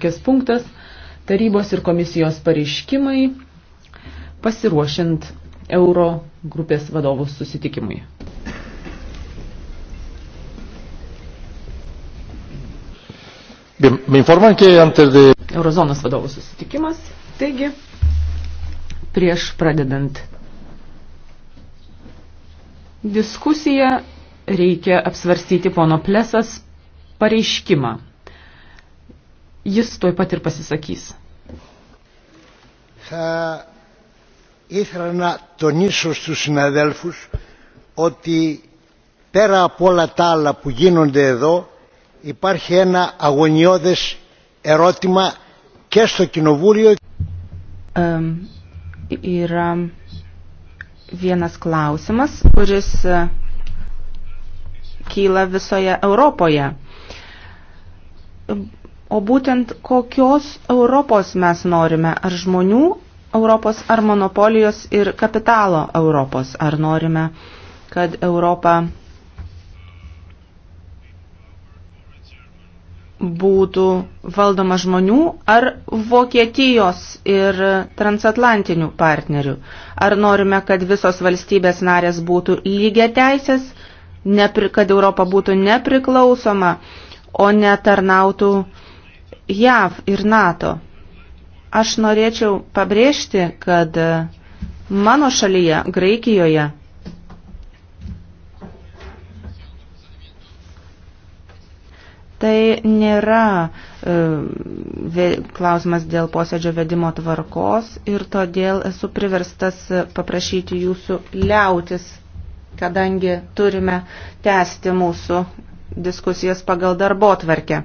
Tokias punktas - tarybos ir komisijos pareiškimai pasiruošiant euro grupės vadovų susitikimui. Me informan que antes de... Eurozonos vadovų susitikimas. Taigi, prieš pradedant diskusiją, reikia apsvarstyti pono Plesas pareiškimą jis tuoj pat ir pasisakys. Θα ήθελα να τονίσω στους συναδέλφους ότι πέρα από όλα τα άλλα που γίνονται εδώ υπάρχει ένα αγωνιώδες ερώτημα και στο Κοινοβούλιο. Um, yra vienas klausimas, kuris kyla visoje Europoje o būtent kokios Europos mes norime, ar žmonių Europos, ar monopolijos ir kapitalo Europos, ar norime, kad Europa būtų valdoma žmonių ar Vokietijos ir transatlantinių partnerių. Ar norime, kad visos valstybės narės būtų lygia teisės, kad Europa būtų nepriklausoma, o netarnautų tarnautų JAV ir NATO. Aš norėčiau pabrėžti, kad mano šalyje, Graikijoje, Tai nėra e, klausimas dėl posėdžio vedimo tvarkos ir todėl esu priverstas paprašyti jūsų liautis, kadangi turime tęsti mūsų diskusijas pagal darbo tvarkę.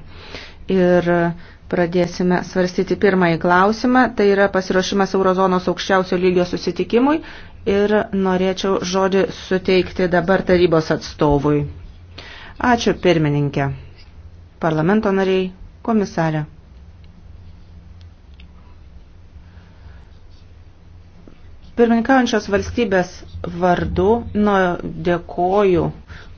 Ir e, Pradėsime svarstyti pirmąjį klausimą. Tai yra pasiruošimas Eurozonos aukščiausio lygio susitikimui ir norėčiau žodį suteikti dabar tarybos atstovui. Ačiū pirmininkė, parlamento nariai, komisarė. Pirmininkaujančios valstybės vardu nu, dėkoju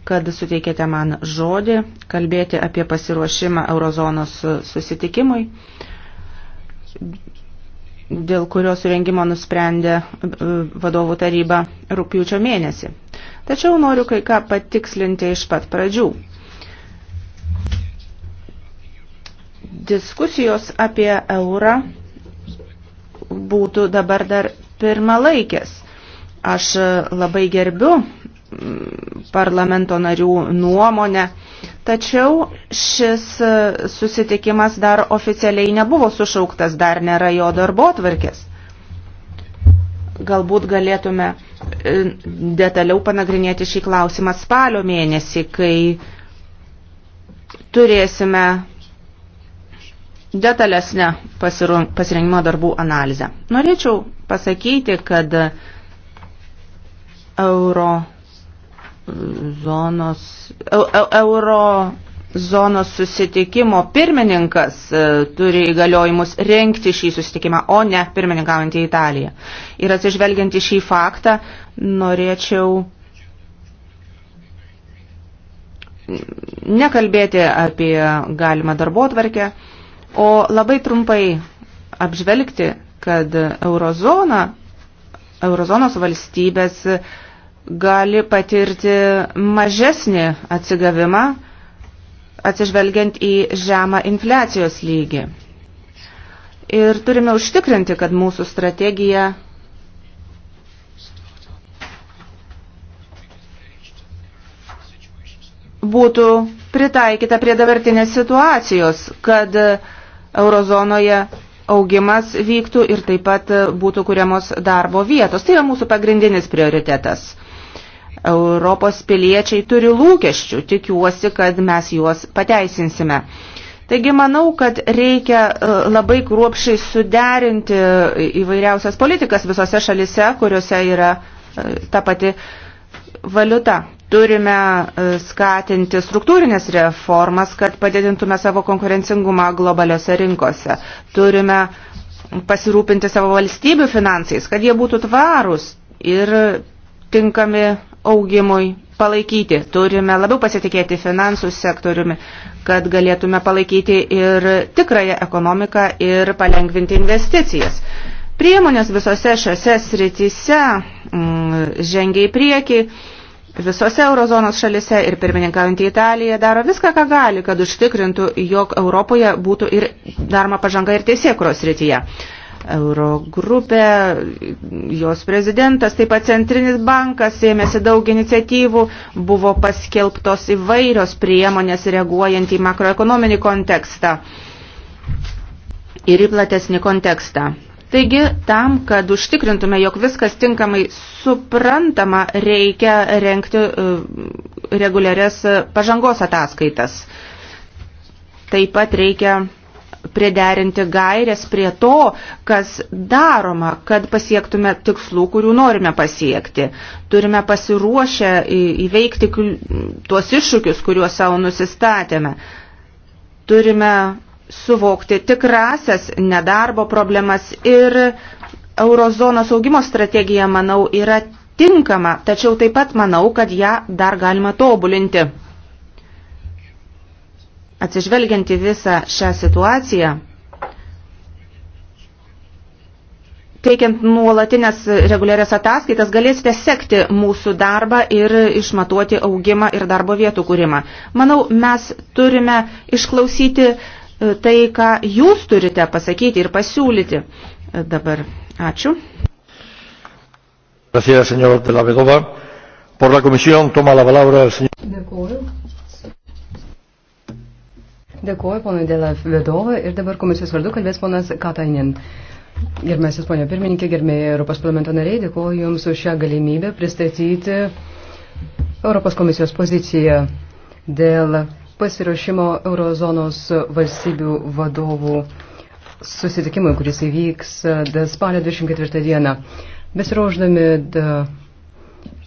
kad suteikėte man žodį kalbėti apie pasiruošimą eurozonos susitikimui, dėl kurio surengimo nusprendė e, vadovų taryba rūpjūčio mėnesį. Tačiau noriu kai ką patikslinti iš pat pradžių. Diskusijos apie eurą būtų dabar dar pirmalaikės. Aš labai gerbiu Mm, parlamento narių nuomonę. Tačiau šis e, susitikimas dar oficialiai nebuvo sušauktas, dar nėra jo darbo tvarkės. Galbūt galėtume e, detaliau panagrinėti šį klausimą spalio mėnesį, kai turėsime detalesnę pasirengimo darbų analizę. Norėčiau pasakyti, kad euro zonos, euro zonos susitikimo pirmininkas e, turi įgaliojimus renkti šį susitikimą, o ne pirmininkaujantį Italiją. Ir atsižvelgiant į šį faktą, norėčiau nekalbėti apie galimą darbotvarkę, o labai trumpai apžvelgti, kad eurozona, eurozonos valstybės uh, gali patirti mažesnį atsigavimą, atsižvelgiant į žemą infliacijos lygį. Ir turime užtikrinti, kad mūsų strategija būtų pritaikyta prie dabartinės situacijos, kad eurozonoje augimas vyktų ir taip pat būtų kuriamos darbo vietos. Tai yra mūsų pagrindinis prioritetas. Europos piliečiai turi lūkesčių, tikiuosi, kad mes juos pateisinsime. Taigi manau, kad reikia e, labai kruopšiai suderinti įvairiausias politikas visose šalise, kuriuose yra e, ta pati valiuta. Turime e, skatinti struktūrinės reformas, kad padidintume savo konkurencingumą globaliose rinkose. Turime pasirūpinti savo valstybių finansais, kad jie būtų tvarūs ir tinkami augimui palaikyti. Turime labiau pasitikėti finansų sektoriumi, kad galėtume palaikyti ir tikrąją ekonomiką ir palengvinti investicijas. Priemonės visose šiose sritise mm, žengia į priekį. Visose eurozonos šalise ir pirmininkaujantį Italiją daro viską, ką gali, kad užtikrintų, jog Europoje būtų ir daroma pažanga ir teisėkuros srityje euro grupę, jos prezidentas, taip pat Centrinis bankas ėmėsi daug iniciatyvų, buvo paskelbtos įvairios priemonės reaguojant į makroekonominį kontekstą ir į platesnį kontekstą. Taigi, tam, kad užtikrintume, jog viskas tinkamai suprantama, reikia renkti e, reguliarias e, pažangos ataskaitas. Taip pat reikia priderinti gairės prie to, kas daroma, kad pasiektume tikslų, kurių norime pasiekti. Turime pasiruošę įveikti tuos iššūkius, kuriuos savo nusistatėme. Turime suvokti tikrasias nedarbo problemas ir eurozonos augimo strategija, manau, yra tinkama, tačiau taip pat manau, kad ją dar galima tobulinti. Atsižvelgiant į visą šią situaciją, teikiant nuolatinės reguliarias ataskaitas, galėsite sekti mūsų darbą ir išmatuoti augimą ir darbo vietų kūrimą. Manau, mes turime išklausyti e, tai, ką jūs turite pasakyti ir pasiūlyti. E, dabar ačiū. Gracias, señor de la Vedova. Por la comisión toma la palabra el señor. Dėkuoju. Dėkuoju, ponai Dėlą Vedovą ir dabar komisijos vardu kalbės ponas Katainin. Gerbiamasis ponio pirmininkė, gerbėjai Europos parlamento nariai, dėkuoju Jums už šią galimybę pristatyti Europos komisijos poziciją dėl pasiruošimo eurozonos valstybių vadovų susitikimui, kuris įvyks e, spalio 24 dieną. Besiruoždami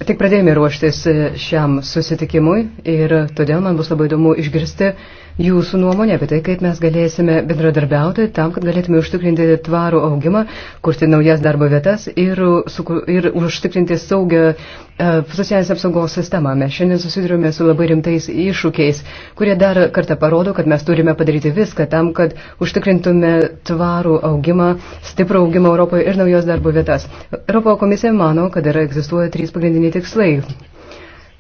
Tik pradėjome ruoštis e, šiam susitikimui ir todėl man bus labai įdomu išgirsti jūsų nuomonę apie tai, kaip mes galėsime bendradarbiauti tam, kad galėtume užtikrinti tvarų augimą, kurti naujas darbo vietas ir, ir užtikrinti saugę e, socialinės apsaugos sistemą. Mes šiandien susidurime su labai rimtais iššūkiais, kurie dar kartą parodo, kad mes turime padaryti viską tam, kad užtikrintume tvarų augimą, stiprų augimą Europoje ir naujos darbo vietas. Europo komisija mano, kad yra egzistuoja trys pagrindiniai bendrieji tikslai.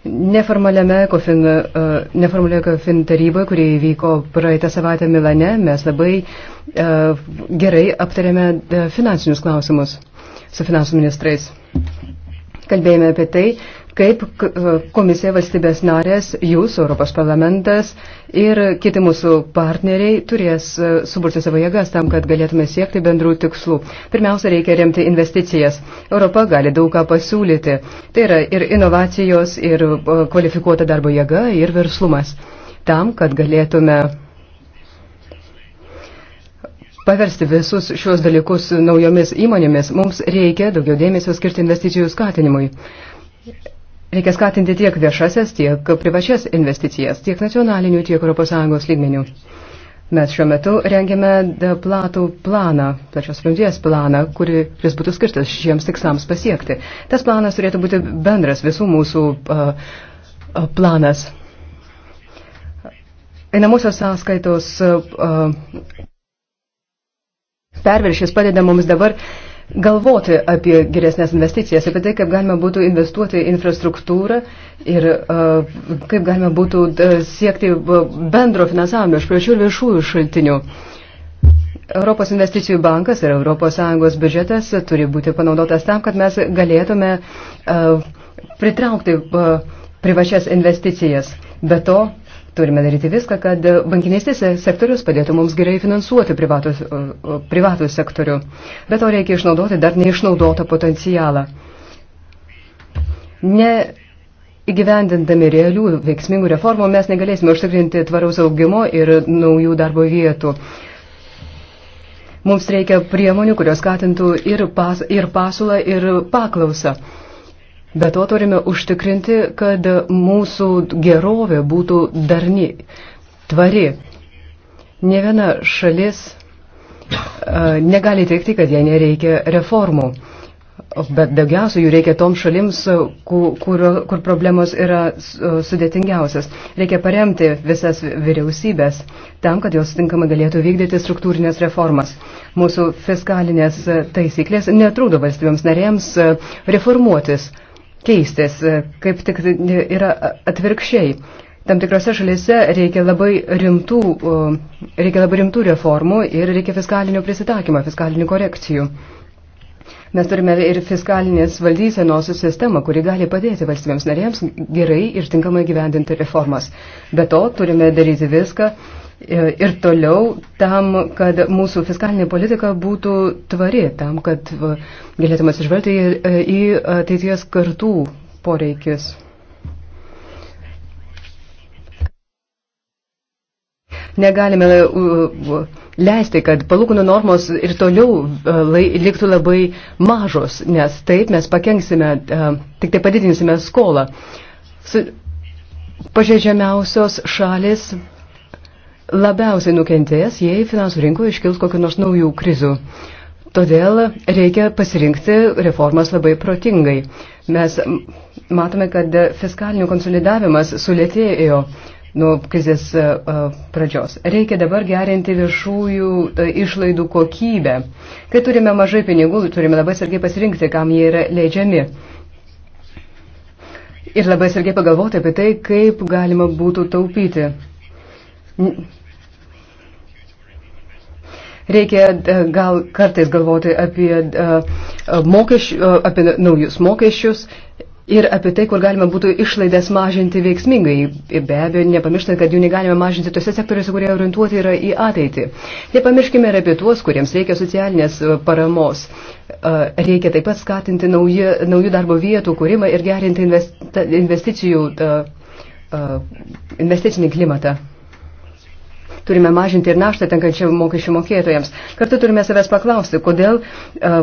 Neformaliame kofin, e, neformalioje kofin taryboje, kurie vyko praeitą savaitę Milane, mes labai e, gerai aptarėme e, finansinius klausimus su finansų ministrais. Kalbėjome apie tai, kaip e, komisija valstybės narės, jūs, Europos parlamentas ir kiti mūsų partneriai turės e, suburti savo jėgas tam, kad galėtume siekti bendrų tikslų. Pirmiausia, reikia remti investicijas. Europa gali daug ką pasiūlyti. Tai yra ir inovacijos, ir e, kvalifikuota darbo jėga, ir verslumas. Tam, kad galėtume paversti visus šios dalykus naujomis įmonėmis, mums reikia daugiau dėmesio skirti investicijų skatinimui. Reikia skatinti tiek viešasias, tiek privačias investicijas, tiek nacionalinių, tiek ES lygmenių. Mes šiuo metu rengiame platų planą, plačios sprendėjas planą, kuri, kuris būtų skirtas šiems tikslams pasiekti. Tas planas turėtų būti bendras visų mūsų uh, planas. Einamosios sąskaitos uh, perviršis padeda mums dabar uh, galvoti apie geresnės investicijas, apie tai, kaip galima būtų investuoti infrastruktūrą ir uh, kaip galima būtų uh, siekti bendro finansavimo iš privačių ir viešųjų šaltinių. Europos investicijų bankas ir ES biudžetas turi būti panaudotas tam, kad mes galėtume uh, pritraukti uh, privačias investicijas. Be to, turime daryti viską, kad bankinystės sektorius padėtų mums gerai finansuoti privatų, privatų sektorių. Bet to reikia išnaudoti dar neišnaudotą potencialą. Ne Įgyvendindami realių veiksmingų reformų mes negalėsime užtikrinti tvaraus augimo ir naujų darbo vietų. Mums reikia priemonių, kurios skatintų ir, pas, ir pasiūlą, ir paklausą. Be to turime užtikrinti, kad mūsų gerovė būtų darni, tvari. Ne viena šalis negali teikti, kad jai nereikia reformų. Bet daugiausia jų reikia toms šalims, kur, kur, kur problemos yra sudėtingiausias. Reikia paremti visas vyriausybės tam, kad jos tinkamai galėtų vykdyti struktūrinės reformas. Mūsų fiskalinės taisyklės netrūdo valstybėms narėms reformuotis keistis, e, kaip tik tai yra atvirkščiai. Tam tikrose šalyse reikia labai rimtų, e, reikia labai rimtų reformų ir reikia fiskalinio prisitaikymo, fiskalinių korekcijų. Mes turime ir fiskalinės valdysenos sistemą, kuri gali padėti valstybėms narėms gerai ir tinkamai gyvendinti reformas. Be to turime daryti viską, ir toliau tam, kad mūsų fiskalinė politika būtų tvari, tam, kad galėtume atsižvelgti į ateities kartų poreikis. Negalime leisti, kad palūkanų normos ir toliau e, liktų labai mažos, nes taip mes pakenksime, e, tik tai padidinsime skolą. Pažeidžiamiausios šalis labiausiai nukentės, jei finansų rinkoje iškils kokiu nors naujų krizų. Todėl reikia pasirinkti reformas labai protingai. Mes matome, kad fiskalinių konsolidavimas sulėtėjo nuo krizės e, pradžios. Reikia dabar gerinti viršųjų e, išlaidų kokybę. Kai turime mažai pinigų, turime labai sargiai pasirinkti, kam jie yra leidžiami. Ir labai sargiai pagalvoti apie tai, kaip galima būtų taupyti. Reikia e, gal kartais galvoti apie, e, mokeš, e, apie naujus mokesčius ir apie tai, kur galima būtų išlaidas mažinti veiksmingai. Be abejo, nepamirštant, kad jų negalime mažinti tose sektoriuose, kurie orientuoti yra į ateitį. Nepamirškime ir apie tuos, kuriems reikia socialinės paramos. Reikia taip pat skatinti nauji, naujų darbo vietų kūrimą ir gerinti investicijų, investicinį klimatą turime mažinti ir naštą tenkančią mokesčių mokėtojams. Kartu turime savęs paklausti, kodėl uh,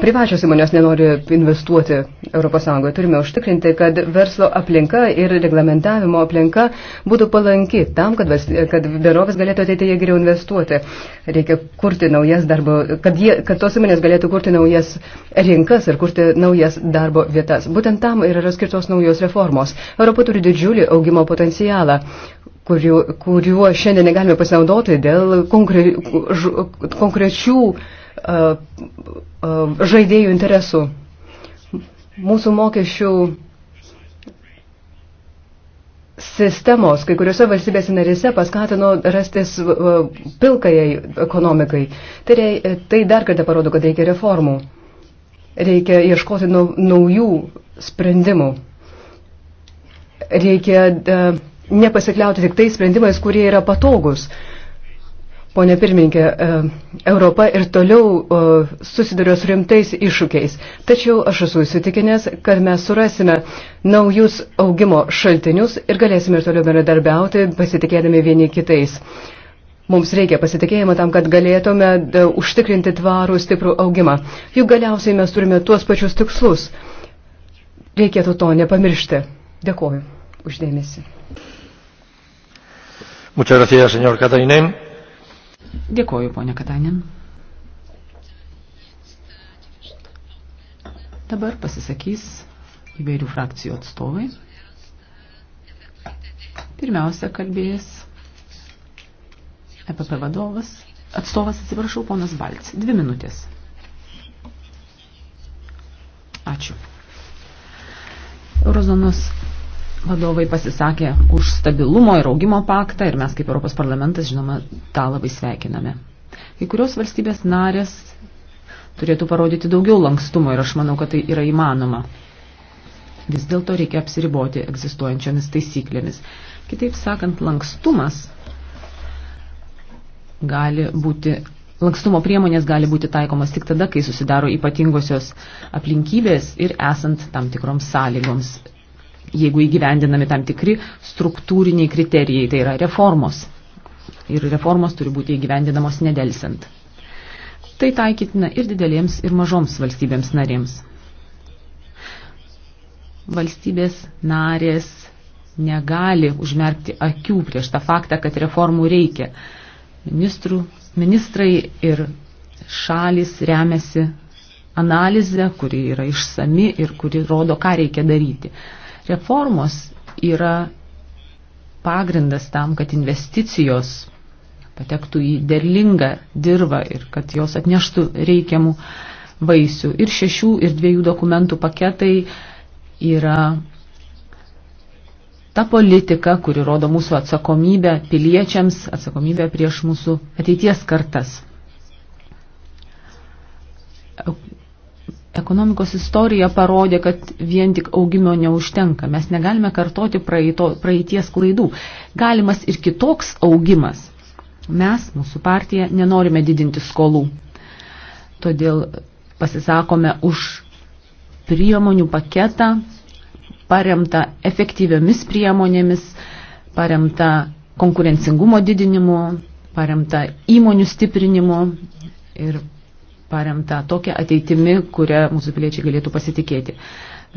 privačios įmonės nenori investuoti ES. Turime užtikrinti, kad verslo aplinka ir reglamentavimo aplinka būtų palanki tam, kad, kad darovės galėtų ateityje geriau investuoti. Reikia kurti naujas darbo, kad, jie, kad tos įmonės galėtų kurti naujas rinkas ir kurti naujas darbo vietas. Būtent tam ir yra skirtos naujos reformos. Europa turi didžiulį augimo potencialą kuriuo, kuriuo šiandien negalime pasinaudoti dėl konkre, konkrečių uh, uh, žaidėjų interesų. Mūsų mokesčių sistemos kai kuriuose valstybėse narėse paskatino rastis uh, pilkajai ekonomikai. Tai, rei, tai dar kartą parodo, kad reikia reformų. Reikia ieškoti naujų sprendimų. Reikia uh, nepasikliauti tik tais sprendimais, kurie yra patogus. Pone pirmininkė, e, Europa ir toliau e, susiduria su rimtais iššūkiais, tačiau aš esu įsitikinęs, kad mes surasime naujus augimo šaltinius ir galėsime ir toliau bendradarbiauti, pasitikėdami vieni kitais. Mums reikia pasitikėjimo tam, kad galėtume e, užtikrinti tvarų stiprų augimą. Juk galiausiai mes turime tuos pačius tikslus. Reikėtų to nepamiršti. Dėkuoju uždėmesi. Muchas gracias, señor Katainen. Dėkoju, ponia Katainen. Dabar pasisakys įvairių frakcijų atstovai. Pirmiausia, kalbės EPP vadovas, atstovas, atsiprašau, ponas Balts. Dvi minutės. Ačiū. Eurozonos vadovai pasisakė už stabilumo ir augimo paktą ir mes kaip Europos parlamentas, žinoma, tą labai sveikiname. Kai kurios valstybės narės turėtų parodyti daugiau lankstumo ir aš manau, kad tai yra įmanoma. Vis dėlto reikia apsiriboti egzistuojančiomis taisyklėmis. Kitaip sakant, lankstumas gali būti, lankstumo priemonės gali būti taikomas tik tada, kai susidaro ypatingosios aplinkybės ir esant tam tikroms sąlygoms jeigu įgyvendinami tam tikri struktūriniai kriterijai, tai yra reformos. Ir reformos turi būti įgyvendinamos nedelsint. Tai taikytina ir didelėms, ir mažoms valstybėms narėms. Valstybės narės negali užmerkti akių prieš tą faktą, kad reformų reikia. Ministrų, ministrai ir šalis remiasi analizę, kuri yra išsami ir kuri rodo, ką reikia daryti. Reformos yra pagrindas tam, kad investicijos patektų į derlingą dirbą ir kad jos atneštų reikiamų vaisių. Ir šešių ir dviejų dokumentų paketai yra ta politika, kuri rodo mūsų atsakomybę piliečiams, atsakomybę prieš mūsų ateities kartas. Ekonomikos istorija parodė, kad vien tik augimo neužtenka. Mes negalime kartoti praeito, praeities klaidų. Galimas ir kitoks augimas. Mes, mūsų partija, nenorime didinti skolų. Todėl pasisakome už priemonių paketą, paremtą efektyviomis priemonėmis, paremtą konkurencingumo didinimu, paremtą įmonių stiprinimu ir paremta tokia ateitimi, kurią mūsų piliečiai galėtų pasitikėti.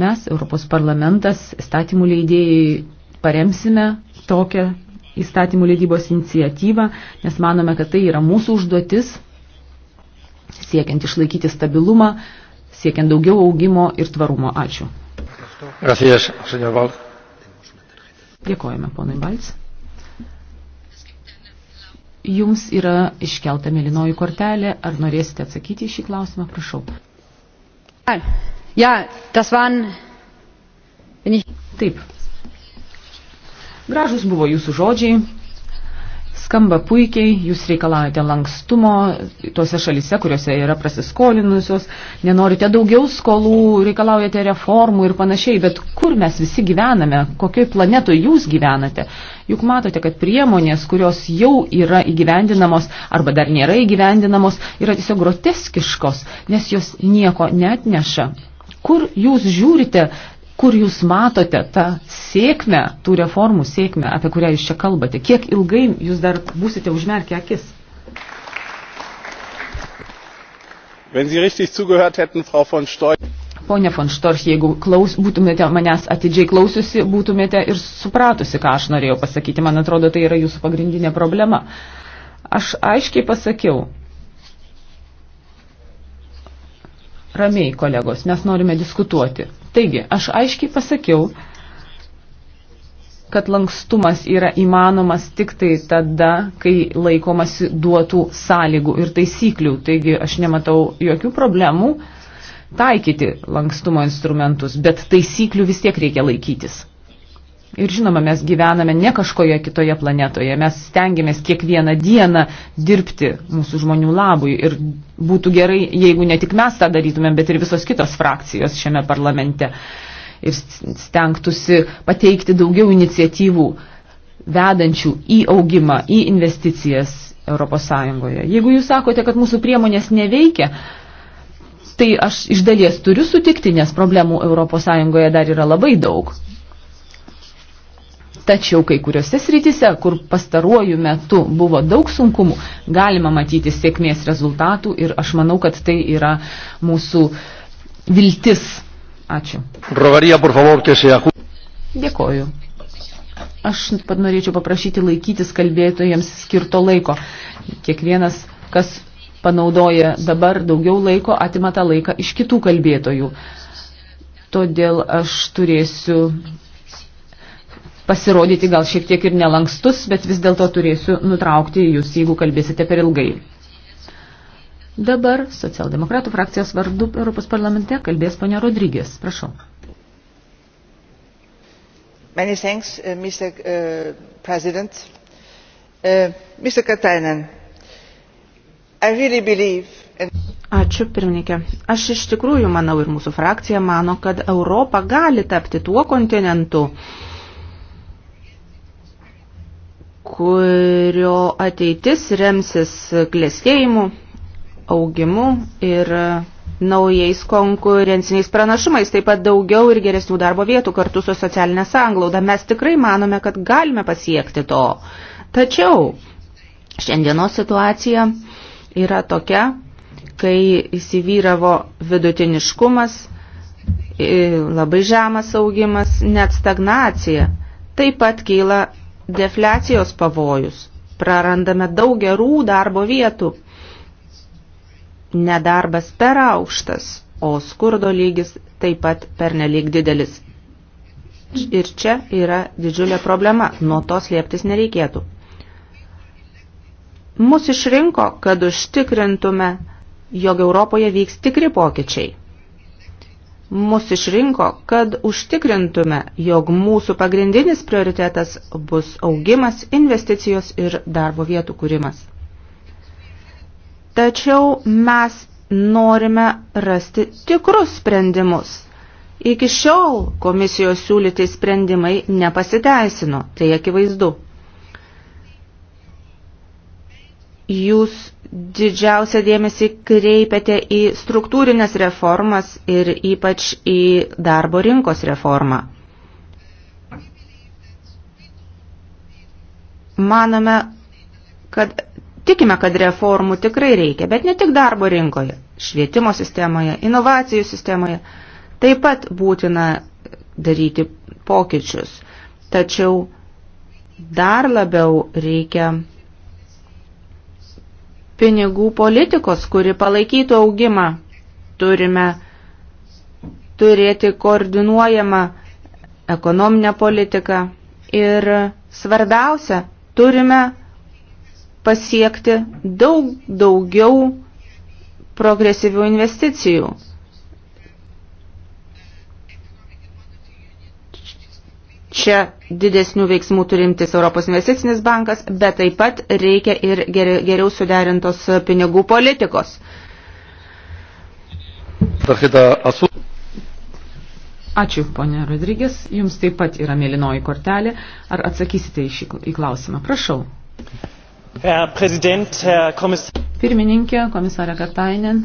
Mes, Europos parlamentas, statymų leidėjai, paremsime tokią įstatymų leidybos iniciatyvą, nes manome, kad tai yra mūsų užduotis, siekiant išlaikyti stabilumą, siekiant daugiau augimo ir tvarumo. Ačiū. Gracias, Dėkojame, ponai Balts. Jums yra iškelta mėlynoji kortelė. Ar norėsite atsakyti į šį klausimą? Prašau. Ja, das waren... Taip. Gražus buvo jūsų žodžiai skamba puikiai, jūs reikalaujate lankstumo tuose šalise, kuriuose yra prasiskolinusios, nenorite daugiau skolų, reikalaujate reformų ir panašiai, bet kur mes visi gyvename, kokioj planetoje jūs gyvenate? Juk matote, kad priemonės, kurios jau yra įgyvendinamos arba dar nėra įgyvendinamos, yra tiesiog groteskiškos, nes jos nieko net neša kur jūs žiūrite kur jūs matote tą sėkmę, tų reformų sėkmę, apie kurią jūs čia kalbate? Kiek ilgai jūs dar būsite užmerkę akis? Wenn Sie richtig zugehört hätten, Frau von Storch. Pone von Storch, jeigu klaus, būtumėte manęs atidžiai klausiusi, būtumėte ir supratusi, ką aš norėjau pasakyti. Man atrodo, tai yra jūsų pagrindinė problema. Aš aiškiai pasakiau, ramiai, kolegos, mes norime diskutuoti. Taigi, aš aiškiai pasakiau, kad lankstumas yra įmanomas tik tai tada, kai laikomasi duotų sąlygų ir taisyklių. Taigi aš nematau jokių problemų taikyti lankstumo instrumentus, bet taisyklių vis tiek reikia laikytis. Ir žinoma, mes gyvename ne kažkoje kitoje planetoje, mes stengiamės kiekvieną dieną dirbti mūsų žmonių labui. Ir būtų gerai, jeigu ne tik mes tą darytumėm, bet ir visos kitos frakcijos šiame parlamente. Ir stengtųsi pateikti daugiau iniciatyvų vedančių į augimą, į investicijas ES. Jeigu jūs sakote, kad mūsų priemonės neveikia, tai aš iš dalies turiu sutikti, nes problemų ES dar yra labai daug. Tačiau kai kuriuose srityse, kur pastaruoju metu buvo daug sunkumų, galima matyti sėkmės rezultatų ir aš manau, kad tai yra mūsų viltis. Ačiū. Rogaria, por favor, que sea... Dėkoju. Aš pat norėčiau paprašyti laikytis kalbėtojams skirto laiko. Kiekvienas, kas panaudoja dabar daugiau laiko, atima tą laiką iš kitų kalbėtojų. Todėl aš turėsiu pasirodyti gal šiek tiek ir nelankstus, bet vis dėlto turėsiu nutraukti jūs, jeigu kalbėsite per ilgai. Dabar socialdemokratų frakcijos vardu Europos parlamente kalbės ponia Rodrygės. Prašau. Many thanks, uh, Mr. Uh, President. Uh, Mr. Katainen, I really believe in... Ačiū, pirmininkė. Aš iš tikrųjų manau ir mūsų frakcija mano, kad Europa gali tapti tuo kontinentu, uh, kurio ateitis remsis klėstėjimu, augimu ir naujais konkurenciniais pranašumais, taip pat daugiau ir geresnių darbo vietų kartu su socialinė sanglauda. Mes tikrai manome, kad galime pasiekti to. Tačiau šiandienos situacija yra tokia, kai įsivyravo vidutiniškumas, labai žemas augimas, net stagnacija. Taip pat keila defliacijos pavojus, prarandame daug gerų darbo vietų, nedarbas per aukštas, o skurdo lygis taip pat per nelik didelis. Ir čia yra didžiulė problema, nuo to slėptis nereikėtų. Mūsų išrinko, kad užtikrintume, jog Europoje vyks tikri pokyčiai mus išrinko, kad užtikrintume, jog mūsų pagrindinis prioritetas bus augimas, investicijos ir darbo vietų kūrimas. Tačiau mes norime rasti tikrus sprendimus. Iki šiol komisijos siūlyti sprendimai nepasiteisino, tai akivaizdu. jūs didžiausią dėmesį kreipiate į struktūrinės reformas ir ypač į darbo rinkos reformą. Manome, kad tikime, kad reformų tikrai reikia, bet ne tik darbo rinkoje, švietimo sistemoje, inovacijų sistemoje. Taip pat būtina daryti pokyčius. Tačiau dar labiau reikia pinigų politikos, kuri palaikytų augimą. Turime turėti koordinuojamą ekonominę politiką ir svarbiausia, turime pasiekti daug daugiau progresyvių investicijų. Čia didesnių veiksmų turintis Europos investicinis bankas, bet taip pat reikia ir geriau suderintos pinigų politikos. Ačiū, ponė Rodrygės. Jums taip pat yra mėlynoji kortelė. Ar atsakysite į, šį, į klausimą? Prašau. Herr Herr komis... Pirmininkė, komisarė Katainen,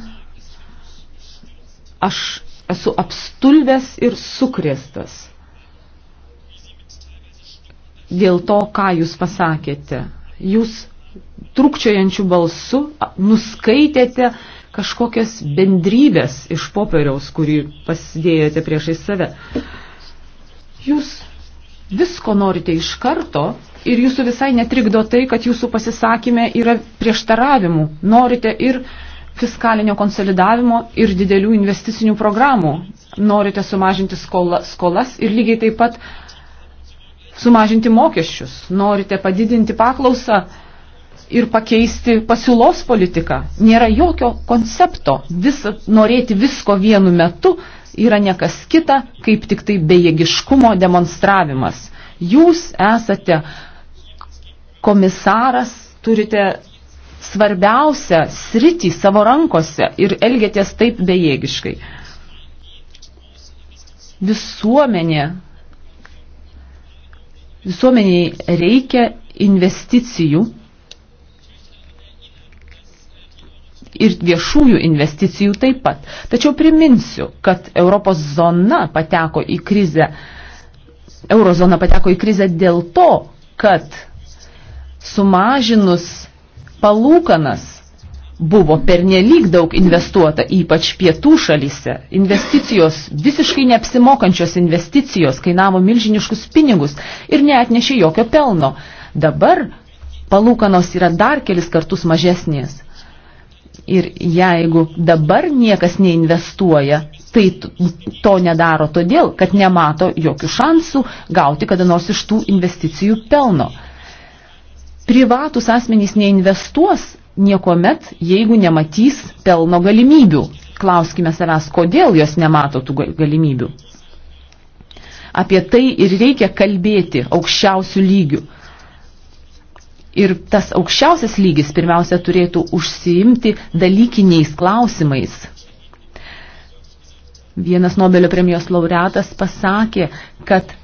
aš esu apstulbęs ir sukrėstas dėl to, ką jūs pasakėte. Jūs trukčiojančių balsų nuskaitėte kažkokias bendrybės iš popieriaus, kurį pasidėjote priešai save. Jūs visko norite iš karto ir jūsų visai netrikdo tai, kad jūsų pasisakymė yra prieštaravimų. Norite ir fiskalinio konsolidavimo ir didelių investicinių programų. Norite sumažinti skola, skolas ir lygiai taip pat sumažinti mokesčius, norite padidinti paklausą ir pakeisti pasiūlos politiką. Nėra jokio koncepto. Vis, norėti visko vienu metu yra nekas kita, kaip tik tai bejėgiškumo demonstravimas. Jūs esate komisaras, turite svarbiausią sritį savo rankose ir elgiatės taip bejėgiškai. Visuomenė Visuomeniai reikia investicijų ir viešųjų investicijų taip pat. Tačiau priminsiu, kad Europos zona pateko į krizę, eurozona pateko į krizę dėl to, kad sumažinus palūkanas buvo pernelyg daug investuota, ypač pietų šalyse. Investicijos, visiškai neapsimokančios investicijos kainavo milžiniškus pinigus ir neatnešė jokio pelno. Dabar palūkanos yra dar kelis kartus mažesnės. Ir jeigu dabar niekas neinvestuoja, tai to nedaro todėl, kad nemato jokių šansų gauti kada nors iš tų investicijų pelno. Privatus asmenys neinvestuos, niekuomet, jeigu nematys pelno galimybių. Klauskime savęs, kodėl jos nemato tų galimybių. Apie tai ir reikia kalbėti aukščiausių lygių. Ir tas aukščiausias lygis pirmiausia turėtų užsiimti dalykiniais klausimais. Vienas Nobelio premijos laureatas pasakė, kad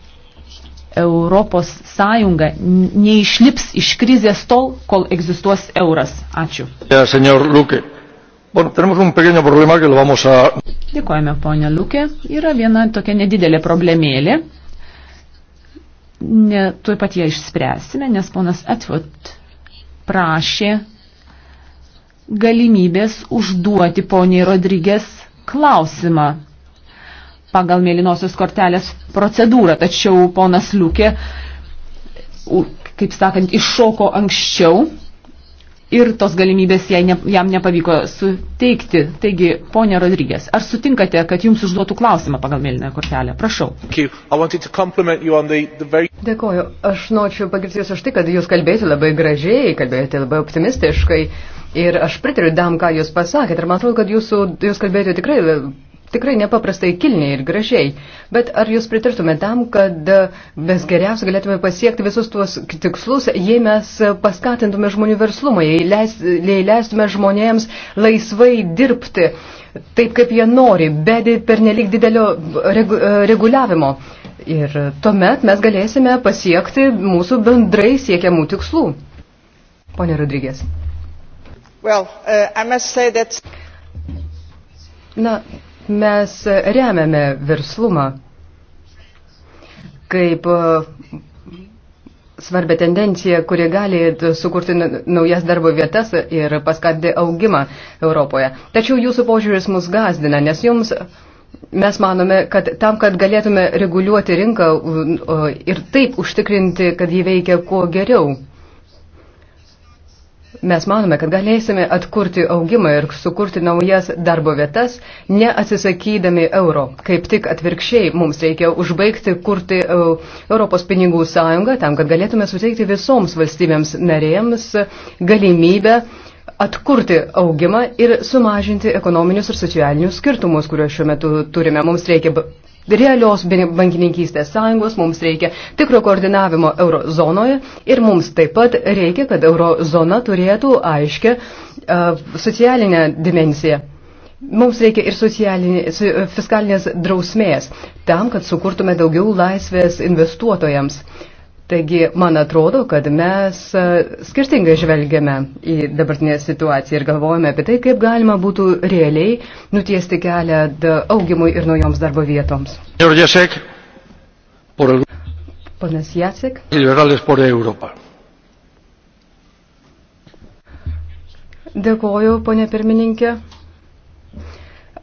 Europos Sąjunga neišlips iš krizės tol, kol egzistuos euras. Ačiū. Ja, Bueno, tenemos un pequeño problema que lo vamos a... Dėkojame, ponia Liukė. Yra viena tokia nedidelė problemėlė. Ne, tuoj pat ją išspręsime, nes ponas Atwood prašė galimybės užduoti poniai Rodrygės klausimą pagal mėlynosios kortelės procedūrą. Tačiau ponas Liukė, kaip sakant, iššoko anksčiau ir tos galimybės ne, jam nepavyko suteikti. Taigi, ponė Rodrygės, ar sutinkate, kad jums užduotų klausimą pagal mėlyną kortelę? Prašau. Dėkoju. Aš noriu pagirti jūs už tai, kad jūs kalbėjote labai gražiai, kalbėjote labai optimistiškai. Ir aš pritariu tam, ką jūs pasakėte. Ir man atrodo, kad jūsų, jūs kalbėjote tikrai tikrai nepaprastai kilniai ir gražiai. Bet ar jūs pritartumėte tam, kad mes geriausiai galėtume pasiekti visus tuos tikslus, jei mes paskatintume žmonių verslumą, jei, leis, jei leistume žmonėms laisvai dirbti taip, kaip jie nori, be pernelik didelio regu, reguliavimo. Ir tuomet mes galėsime pasiekti mūsų bendrai siekiamų tikslų. Pone Rodrygės. Well, uh, that... Na, Mes remiame verslumą kaip e, svarbę tendenciją, kuri gali sukurti naujas darbo vietas ir paskatinti augimą Europoje. Tačiau jūsų požiūris mus gazdina, nes jums mes manome, kad tam, kad galėtume reguliuoti rinką ir taip užtikrinti, kad jį veikia kuo geriau. Mes manome, kad galėsime atkurti augimą ir sukurti naujas darbo vietas, neatsisakydami euro. Kaip tik atvirkščiai mums reikia užbaigti kurti e, Europos pinigų sąjungą, tam, kad galėtume suteikti visoms valstybėms narėms galimybę atkurti augimą ir sumažinti ekonominius ir socialinius skirtumus, kuriuos šiuo metu turime. Mums reikia realios bankininkystės sąjungos, mums reikia tikro koordinavimo eurozonoje ir mums taip pat reikia, kad eurozona turėtų aiškę socialinę dimensiją. Mums reikia ir fiskalinės drausmės tam, kad sukurtume daugiau laisvės investuotojams. Taigi, man atrodo, kad mes e, skirtingai žvelgiame į dabartinę situaciją ir galvojame apie tai, kaip galima būtų realiai nutiesti kelią augimui ir naujoms darbo vietoms. Ponas Jacek. Liberales por Europą. Dėkoju, ponė pirmininkė.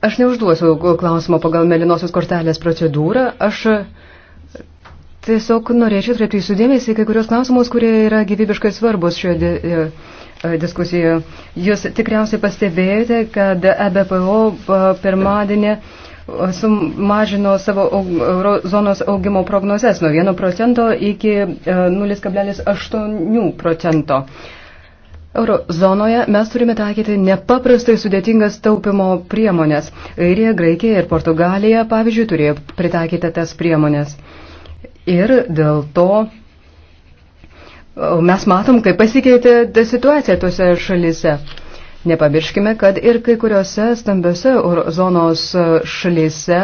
Aš neužduosiu klausimo pagal melinosios kortelės procedūrą. Aš Tiesiog norėčiau atkreipti jūsų dėmesį kai kurios klausimus, kurie yra gyvybiškai svarbus šioje di e, e, diskusijoje. Jūs tikriausiai pastebėjote, kad EBPO e, pirmadienį sumažino savo eurozonos augimo prognozes nuo 1 procento iki 0,8 procento. Eurozonoje mes turime taikyti nepaprastai sudėtingas taupimo priemonės. Airija, Graikija ir Portugalija, pavyzdžiui, turėjo pritaikyti tas priemonės. Ir dėl to mes matom, kaip pasikeitė situacija tuose šalise. Nepamirškime, kad ir kai kuriuose stambiose zonos šalyse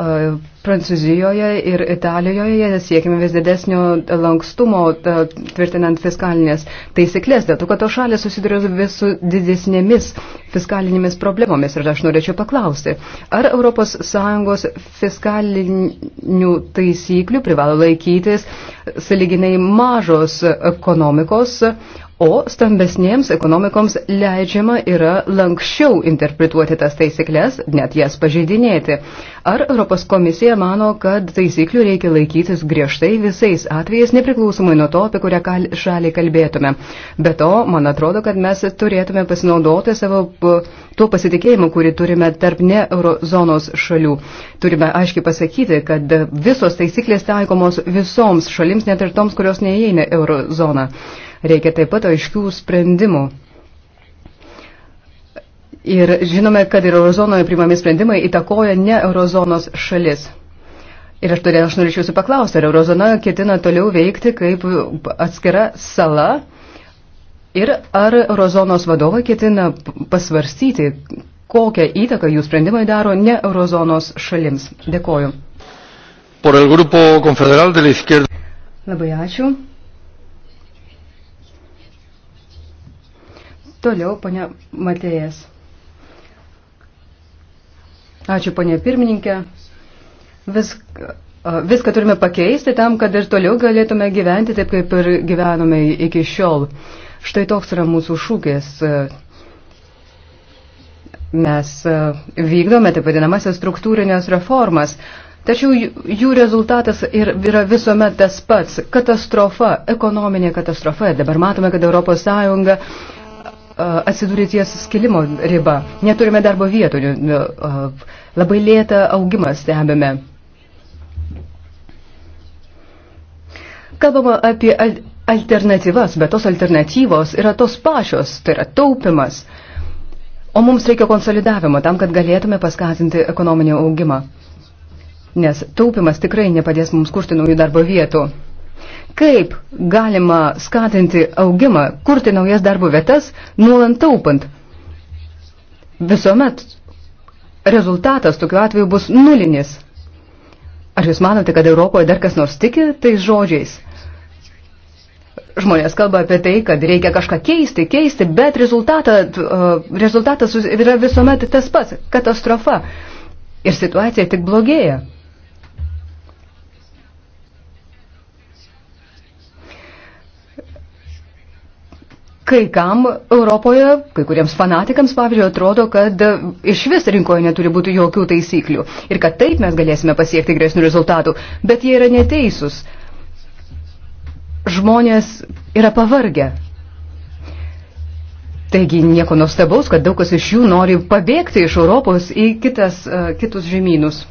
E, Prancūzijoje ir Italijoje siekime vis didesnio lankstumo e, tvirtinant fiskalinės taisyklės, dėl to, kad to šalis susiduria vis su didesnėmis fiskalinėmis problemomis. Ir aš norėčiau paklausti, ar ES fiskalinių taisyklių privalo laikytis saliginai mažos ekonomikos, o stambesnėms ekonomikoms leidžiama yra lankščiau interpretuoti tas taisyklės, net jas pažeidinėti. Ar Europos komisija mano, kad taisyklių reikia laikytis griežtai visais atvejais, nepriklausomai nuo to, apie kurią šalį kalbėtume? Be to, man atrodo, kad mes turėtume pasinaudoti savo tuo pasitikėjimu, kurį turime tarp ne eurozonos šalių. Turime aiškiai pasakyti, kad visos taisyklės taikomos visoms šalims, net ir toms, kurios neįeina eurozoną. Reikia taip pat aiškių sprendimų. Ir žinome, kad ir eurozonoje primami sprendimai įtakoja ne eurozonos šalis. Ir aš, turėjau, aš norėčiau jūsų paklausti, ar eurozona ketina toliau veikti kaip atskira sala ir ar eurozonos vadovai ketina pasvarstyti, kokią įtaką jų sprendimai daro ne eurozonos šalims. Dėkoju. Por el grupo confederal de la izquierda. Labai ačiū. Toliau, ponia Matėjas. Ačiū, ponia pirmininkė. Vis, viską turime pakeisti tam, kad ir toliau galėtume gyventi taip, kaip ir gyvenome iki šiol. Štai toks yra mūsų šūkis. Mes vykdome taip vadinamasias struktūrinės reformas, tačiau jų rezultatas yra visuomet tas pats - katastrofa, ekonominė katastrofa. Dabar matome, kad ES atsidūrė ties skilimo riba. Neturime darbo vietų, labai lėtą augimą stebime. Kalbama apie alternatyvas, bet tos alternatyvos yra tos pačios, tai yra taupimas. O mums reikia konsolidavimo tam, kad galėtume paskatinti ekonominį augimą. Nes taupimas tikrai nepadės mums kurti naujų darbo vietų. Kaip galima skatinti augimą, kurti naujas darbo vietas, nuolant taupant? Visuomet rezultatas tokiu atveju bus nulinis. Ar jūs manote, kad Europoje dar kas nors tiki tais žodžiais? Žmonės kalba apie tai, kad reikia kažką keisti, keisti, bet uh, rezultatas yra visuomet tas pats - katastrofa. Ir situacija tik blogėja. kai kam Europoje, kai kuriems fanatikams, pavyzdžiui, atrodo, kad iš vis rinkoje neturi būti jokių taisyklių ir kad taip mes galėsime pasiekti geresnių rezultatų, bet jie yra neteisūs. Žmonės yra pavargę. Taigi nieko nuostabaus, kad daug kas iš jų nori pabėgti iš Europos į kitas, uh, kitus žemynus.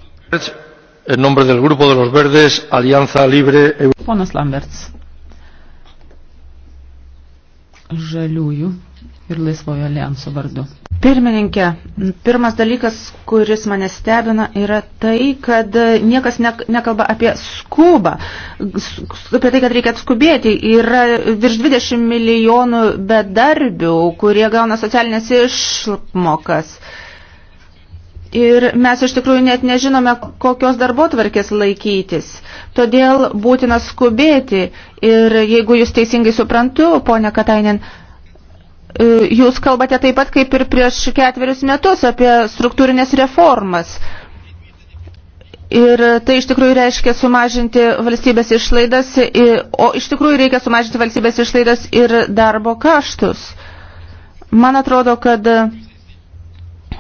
Ponas Lamberts žaliųjų ir laisvojo alijanso vardu. Pirmininkė, pirmas dalykas, kuris mane stebina, yra tai, kad niekas ne, nekalba apie skubą, apie tai, kad reikia atskubėti. Yra virš 20 milijonų bedarbių, kurie gauna socialinės išmokas. Uh, Ir mes iš tikrųjų net nežinome, kokios darbo tvarkės laikytis. Todėl būtina skubėti. Ir jeigu jūs teisingai suprantu, ponia Katainen, e, jūs kalbate taip pat kaip ir prieš ketverius metus apie struktūrinės reformas. Ir tai iš tikrųjų reiškia sumažinti valstybės išlaidas, o iš tikrųjų reikia sumažinti valstybės išlaidas ir darbo kaštus. Man atrodo, kad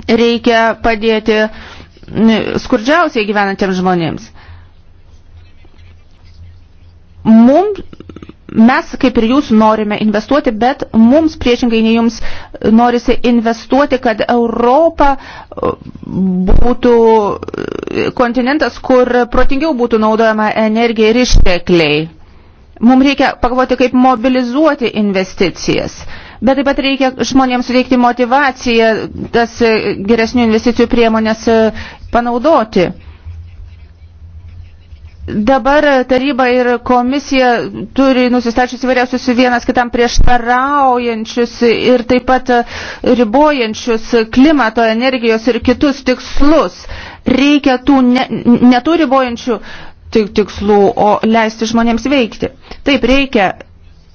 reikia padėti skurdžiausiai gyvenantiems žmonėms. Mums, mes, kaip ir jūs, norime investuoti, bet mums priešingai nei jums norisi investuoti, kad Europa uh, būtų uh, kontinentas, kur protingiau būtų naudojama energija ir ištekliai. Mums reikia pagalvoti, kaip mobilizuoti investicijas. Uh, Bet taip pat reikia žmonėms suteikti motivaciją tas e, geresnių investicijų priemonės e, panaudoti. Dabar taryba ir komisija turi nusistačius įvairiausius vienas kitam prieštaraujančius ir taip pat ribojančius klimato, energijos ir kitus tikslus. Reikia tų ne, netų ribojančių tikslų, o leisti žmonėms veikti. Taip reikia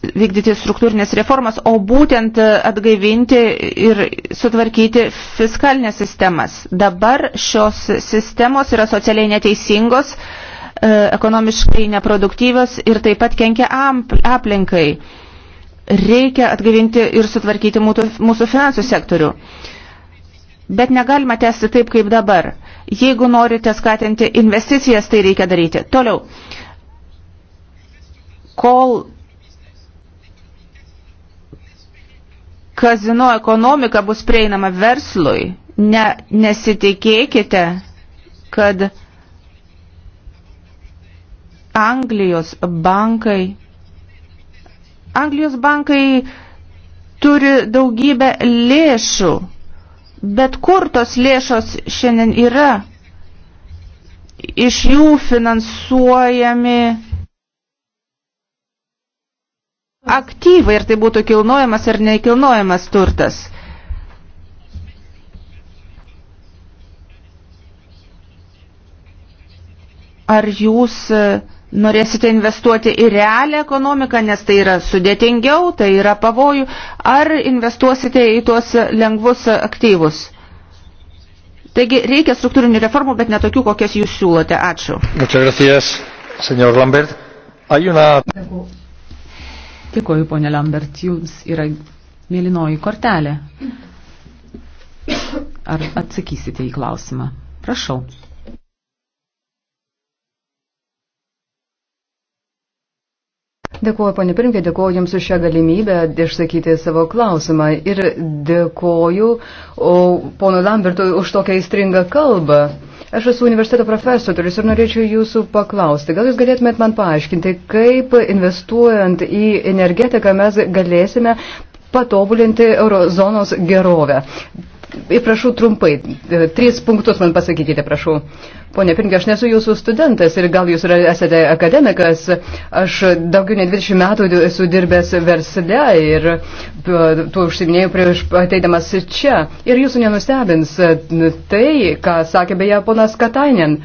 vykdyti struktūrinės reformas, o būtent e, atgaivinti ir sutvarkyti fiskalinės sistemas. Dabar šios sistemos yra socialiai neteisingos, e, ekonomiškai neproduktyvios ir taip pat kenkia aplinkai. Reikia atgaivinti ir sutvarkyti mūsų finansų sektorių. Bet negalima tęsti taip, kaip dabar. Jeigu norite skatinti investicijas, tai reikia daryti. Toliau, kol kazino ekonomika bus prieinama verslui. Ne, nesitikėkite, kad Anglijos bankai. Anglijos bankai turi daugybę lėšų, bet kur tos lėšos šiandien yra? Iš jų finansuojami aktyvai, ir tai būtų kilnojamas ar nekilnojamas turtas. Ar jūs e, norėsite investuoti į realią ekonomiką, nes tai yra sudėtingiau, tai yra pavojų, ar investuosite į tuos lengvus aktyvus? Taigi reikia struktūrinių reformų, bet ne tokių, kokias jūs siūlote. Ačiū. Muchas gracias, señor Lambert. Hay una... Dėkui. Dėkoju, ponė Lambert, jums yra mėlynoji kortelė. Ar atsakysite į klausimą? Prašau. Dėkuoju, ponė Pirinkė, dėkuoju Jums už šią galimybę išsakyti savo klausimą ir dėkuoju ponui Lambertui už tokią įstringą kalbą. Aš esu universiteto profesorius ir norėčiau jūsų paklausti, gal jūs galėtumėt man paaiškinti, kaip investuojant į energetiką mes galėsime patobulinti eurozonos gerovę. Prašau trumpai, tris punktus man pasakykite, prašau. Pone Pirinkė, aš nesu jūsų studentas ir gal jūs esate akademikas. Aš daugiau nei 20 metų esu dirbęs versle ir tuo užsiminėjau prieš ateidamas čia. Ir jūsų nenustebins tai, ką sakė beje ponas Katainen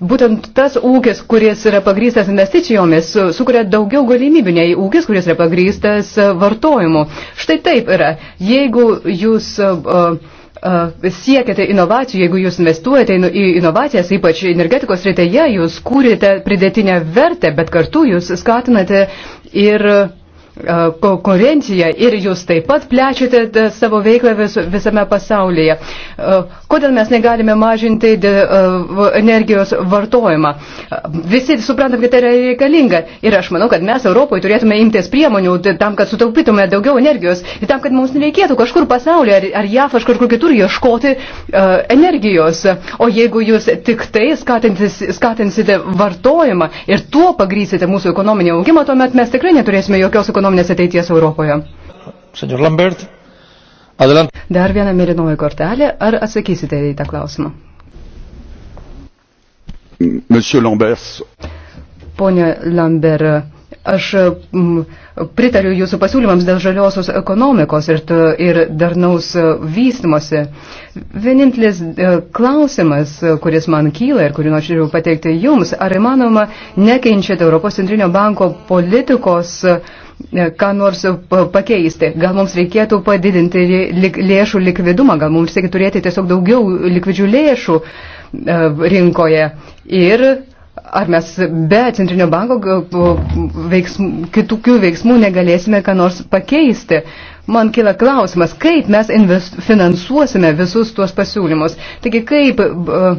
būtent tas ūkis, kuris yra pagrystas investicijomis, sukuria daugiau galimybių nei ūkis, kuris yra pagrystas e, vartojimu. Štai taip yra. Jeigu jūs uh, uh, siekiate inovacijų, jeigu jūs investuojate į inovacijas, ypač energetikos rytėje, jūs kūrite pridėtinę vertę, bet kartu jūs skatinate ir uh, konkurenciją ir jūs taip pat plečiate savo veiklą vis, visame pasaulyje. Kodėl mes negalime mažinti energijos vartojimą? Visi suprantam, kad tai yra reikalinga ir aš manau, kad mes Europoje turėtume imtis priemonių tam, kad sutaupytume daugiau energijos ir tam, kad mums nereikėtų kažkur pasaulyje ar, ar JAF ar kažkur kitur ieškoti energijos. O jeigu jūs tik tai skatinsite vartojimą ir tuo pagrysite mūsų ekonominį augimą, tuomet mes tikrai neturėsime jokios ekonomikos ekonominės ateities Europoje. Senor Lambert, adelant. Dar viena mėlynoji kortelė. Ar atsakysite į tą klausimą? Monsieur Lambert. Pone Lambert, aš mm, pritariu jūsų pasiūlymams dėl žaliosios ekonomikos ir, ir darnaus vystimosi. Vienintelis e, klausimas, kuris man kyla ir kurį noriu pateikti jums, ar įmanoma nekeinčiate Europos centrinio banko politikos uh, E, ką nors e, pakeisti. Gal mums reikėtų padidinti lėšų likvidumą, gal mums reikia turėti tiesiog daugiau likvidžių lėšų e, rinkoje. Ir ar mes be Centrinio banko veiksmų, kitokių veiksmų negalėsime ką nors pakeisti? Man kila klausimas, kaip mes invest, finansuosime visus tuos pasiūlymus. Taigi kaip. Uh,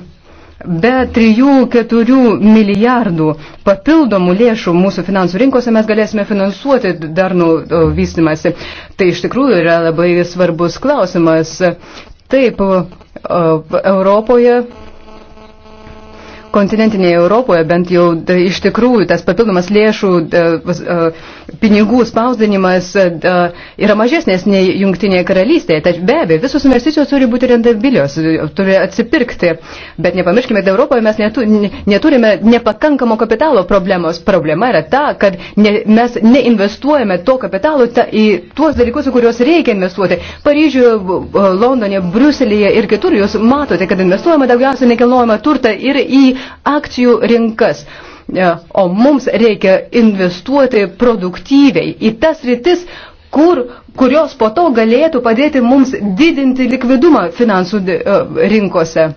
Be 3-4 milijardų papildomų lėšų mūsų finansų rinkose mes galėsime finansuoti darnų vystimąsi. Tai iš tikrųjų yra labai svarbus klausimas. Taip, Europoje kontinentinėje Europoje bent jau da, iš tikrųjų tas papildomas lėšų da, a, pinigų spausdinimas da, yra mažesnės nei jungtinėje karalystėje. Tačiau be abejo, visos investicijos turi būti rentabilios, turi atsipirkti. Bet nepamirškime, kad Europoje mes netu, neturime nepakankamo kapitalo problemos. Problema yra ta, kad ne, mes neinvestuojame to kapitalo ta, į tuos dalykus, į kuriuos reikia investuoti. Paryžiuje, Londone, Briuselėje ir kitur jūs matote, kad investuojama daugiausia nekilnojama turta ir į akcijų rinkas. E, o mums reikia investuoti produktyviai į tas rytis, kur, kurios po to galėtų padėti mums didinti likvidumą finansų e, rinkose.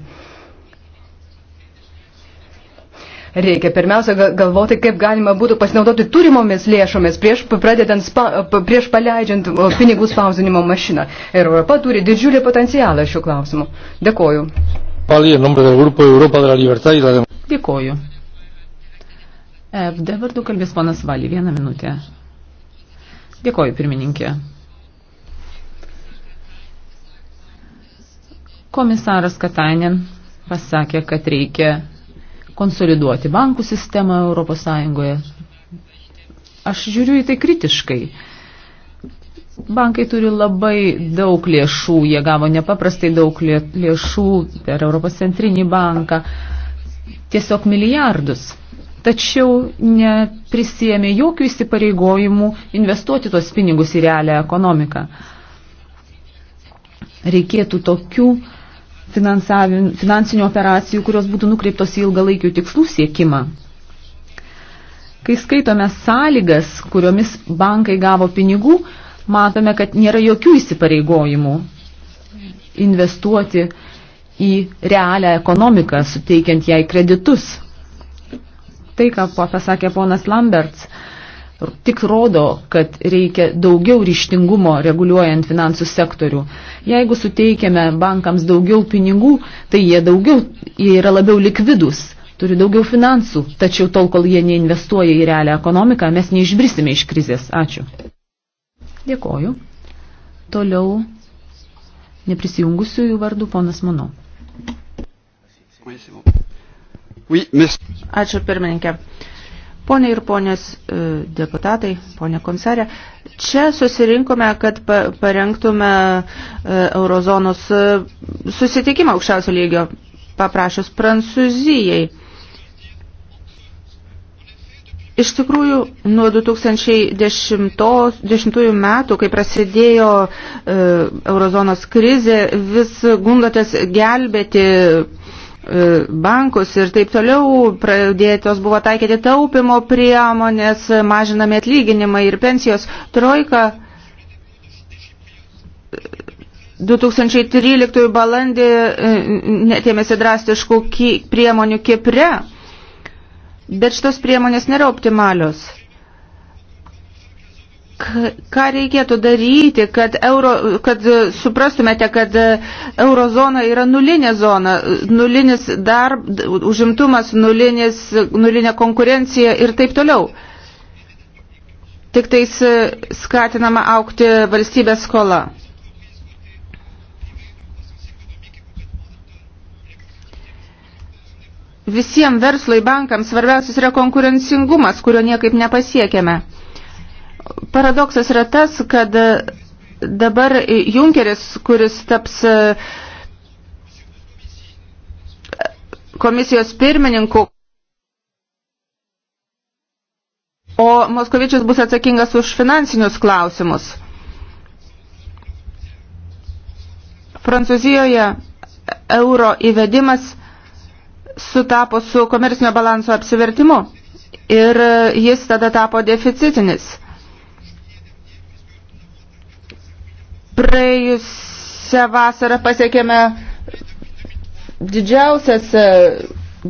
Reikia pirmiausia galvoti, kaip galima būtų pasinaudoti turimomis lėšomis prieš, pradedant spa, prieš paleidžiant pinigų spausinimo mašiną. Ir Europa turi didžiulį potencialą šiuo klausimu. Dėkoju. Pali, en nombre del Grupo Europa de la Libertad y la Democracia. Dėkoju. FD e, vardu kalbės panas Valį. Vieną minutę. Dėkoju, pirmininkė. Komisaras Katainen pasakė, kad reikia konsoliduoti bankų sistemą Europos Sąjungoje. Aš žiūriu į tai kritiškai Bankai turi labai daug lėšų, jie gavo nepaprastai daug lėšų per Europos centrinį banką, tiesiog milijardus. Tačiau neprisėmė jokių įsipareigojimų investuoti tuos pinigus į realią ekonomiką. Reikėtų tokių finansinių operacijų, kurios būtų nukreiptos į ilgalaikių tikslų siekimą. Kai skaitome sąlygas, kuriomis bankai gavo pinigų, matome, kad nėra jokių įsipareigojimų investuoti į realią ekonomiką, suteikiant jai kreditus. Tai, ką pasakė ponas Lamberts, tik rodo, kad reikia daugiau ryštingumo reguliuojant finansų sektorių. Jeigu suteikiame bankams daugiau pinigų, tai jie, daugiau, jie yra labiau likvidus, turi daugiau finansų, tačiau tol, kol jie neinvestuoja į realią ekonomiką, mes neišbrisime iš krizės. Ačiū. Dėkoju. Toliau neprisijungusiųjų vardų ponas Mano. Ačiū pirmininkė. Pone ir ponės e, deputatai, ponė komisarė, čia susirinkome, kad parengtume e, eurozonos e, susitikimą aukščiausio lygio paprašus Prancūzijai Iš tikrųjų, nuo 2010, 2010 metų, kai prasidėjo e, eurozonos krizė, vis gundotės gelbėti e, bankus ir taip toliau pradėtos buvo taikyti taupimo priemonės, mažinami atlyginimai ir pensijos. Trojka 2013 e, balandį e, netėmėsi drastiškų priemonių Kipre Bet šitos priemonės nėra optimalios. Ką reikėtų daryti, kad, euro, kad e, suprastumėte, kad e, eurozona yra nulinė zona, nulinis darb, užimtumas, nulinis, nulinė konkurencija ir taip toliau. Tik tais e, skatinama aukti valstybės skola. visiems verslui bankams svarbiausias yra konkurencingumas, kurio niekaip nepasiekėme. Paradoksas yra tas, kad dabar Junkeris, kuris taps e, komisijos pirmininku, o Moskovičius bus atsakingas už finansinius klausimus. Prancūzijoje euro įvedimas sutapo su komercinio balanso apsivertimu ir jis tada tapo deficitinis. Praėjusią vasarą pasiekėme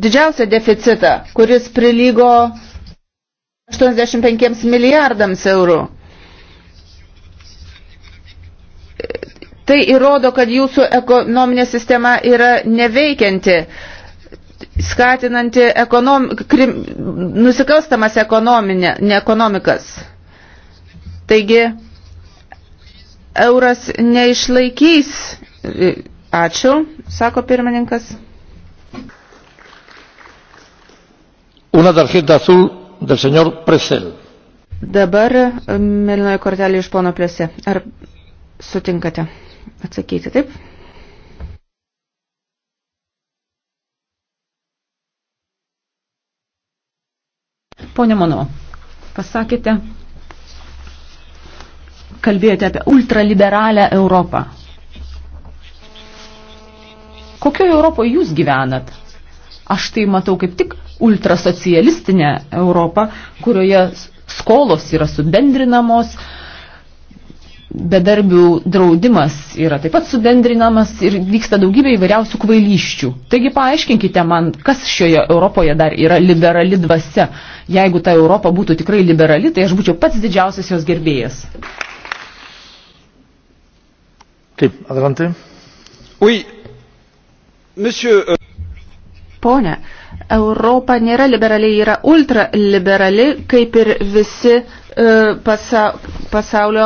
didžiausią deficitą, kuris prilygo 85 milijardams eurų. Tai įrodo, kad jūsų ekonominė sistema yra neveikianti skatinanti ekonom, krim, nusikalstamas ekonominė, ne ekonomikas. Taigi, euras neišlaikys. Ačiū, sako pirmininkas. Una tarjeta azul del señor Presel. Dabar um, mėlynoji kortelė iš pono Plėse. Ar sutinkate atsakyti taip? Pone Mano, pasakėte, kalbėjote apie ultraliberalę Europą. Kokioje Europoje jūs gyvenat? Aš tai matau kaip tik ultrasocialistinę Europą, kurioje skolos yra subendrinamos, uh, bedarbių draudimas yra taip pat subendrinamas ir vyksta daugybė įvairiausių kvailysčių. Taigi paaiškinkite man, kas šioje Europoje dar yra liberali dvasia. Jeigu ta Europa būtų tikrai liberali, tai aš būčiau pats didžiausias jos gerbėjas. Taip, adelante. Oui, monsieur... Euh- Pone, uh... Europa nėra liberali, yra ultraliberali, kaip ir visi e, pasa, pasaulio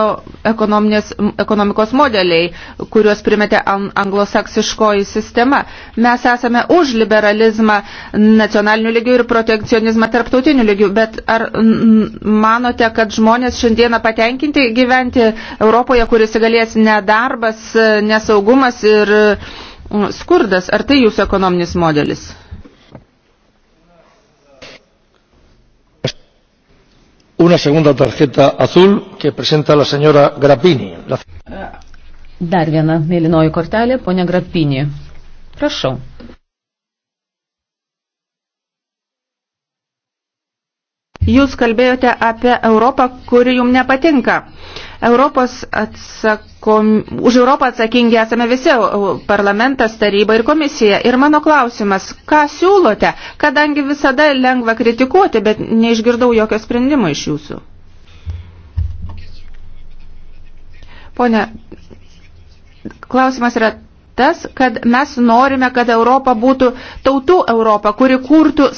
ekonomikos modeliai, kuriuos primetė anglosaksiškoji sistema. Mes esame už liberalizmą nacionalinių lygių ir protekcionizmą tarptautinių lygių, bet ar manote, kad žmonės šiandieną patenkinti gyventi Europoje, kuris įgalės nedarbas, nesaugumas ir skurdas, ar tai jūsų ekonominis modelis? una segunda tarjeta azul que presenta la señora Grappini. La... Dar viena mėlynoji kortelė, ponia Grappini. Prašau. Jūs kalbėjote apie Europą, kuri jums nepatinka. Europos atsakom, už Europą atsakingi esame visi parlamentas, taryba ir komisija. Ir mano klausimas, ką siūlote, kadangi visada lengva kritikuoti, bet neišgirdau jokio sprendimo iš jūsų. Pone, klausimas yra tas, kad mes norime, kad Europa būtų tautų Europa, kuri kurtų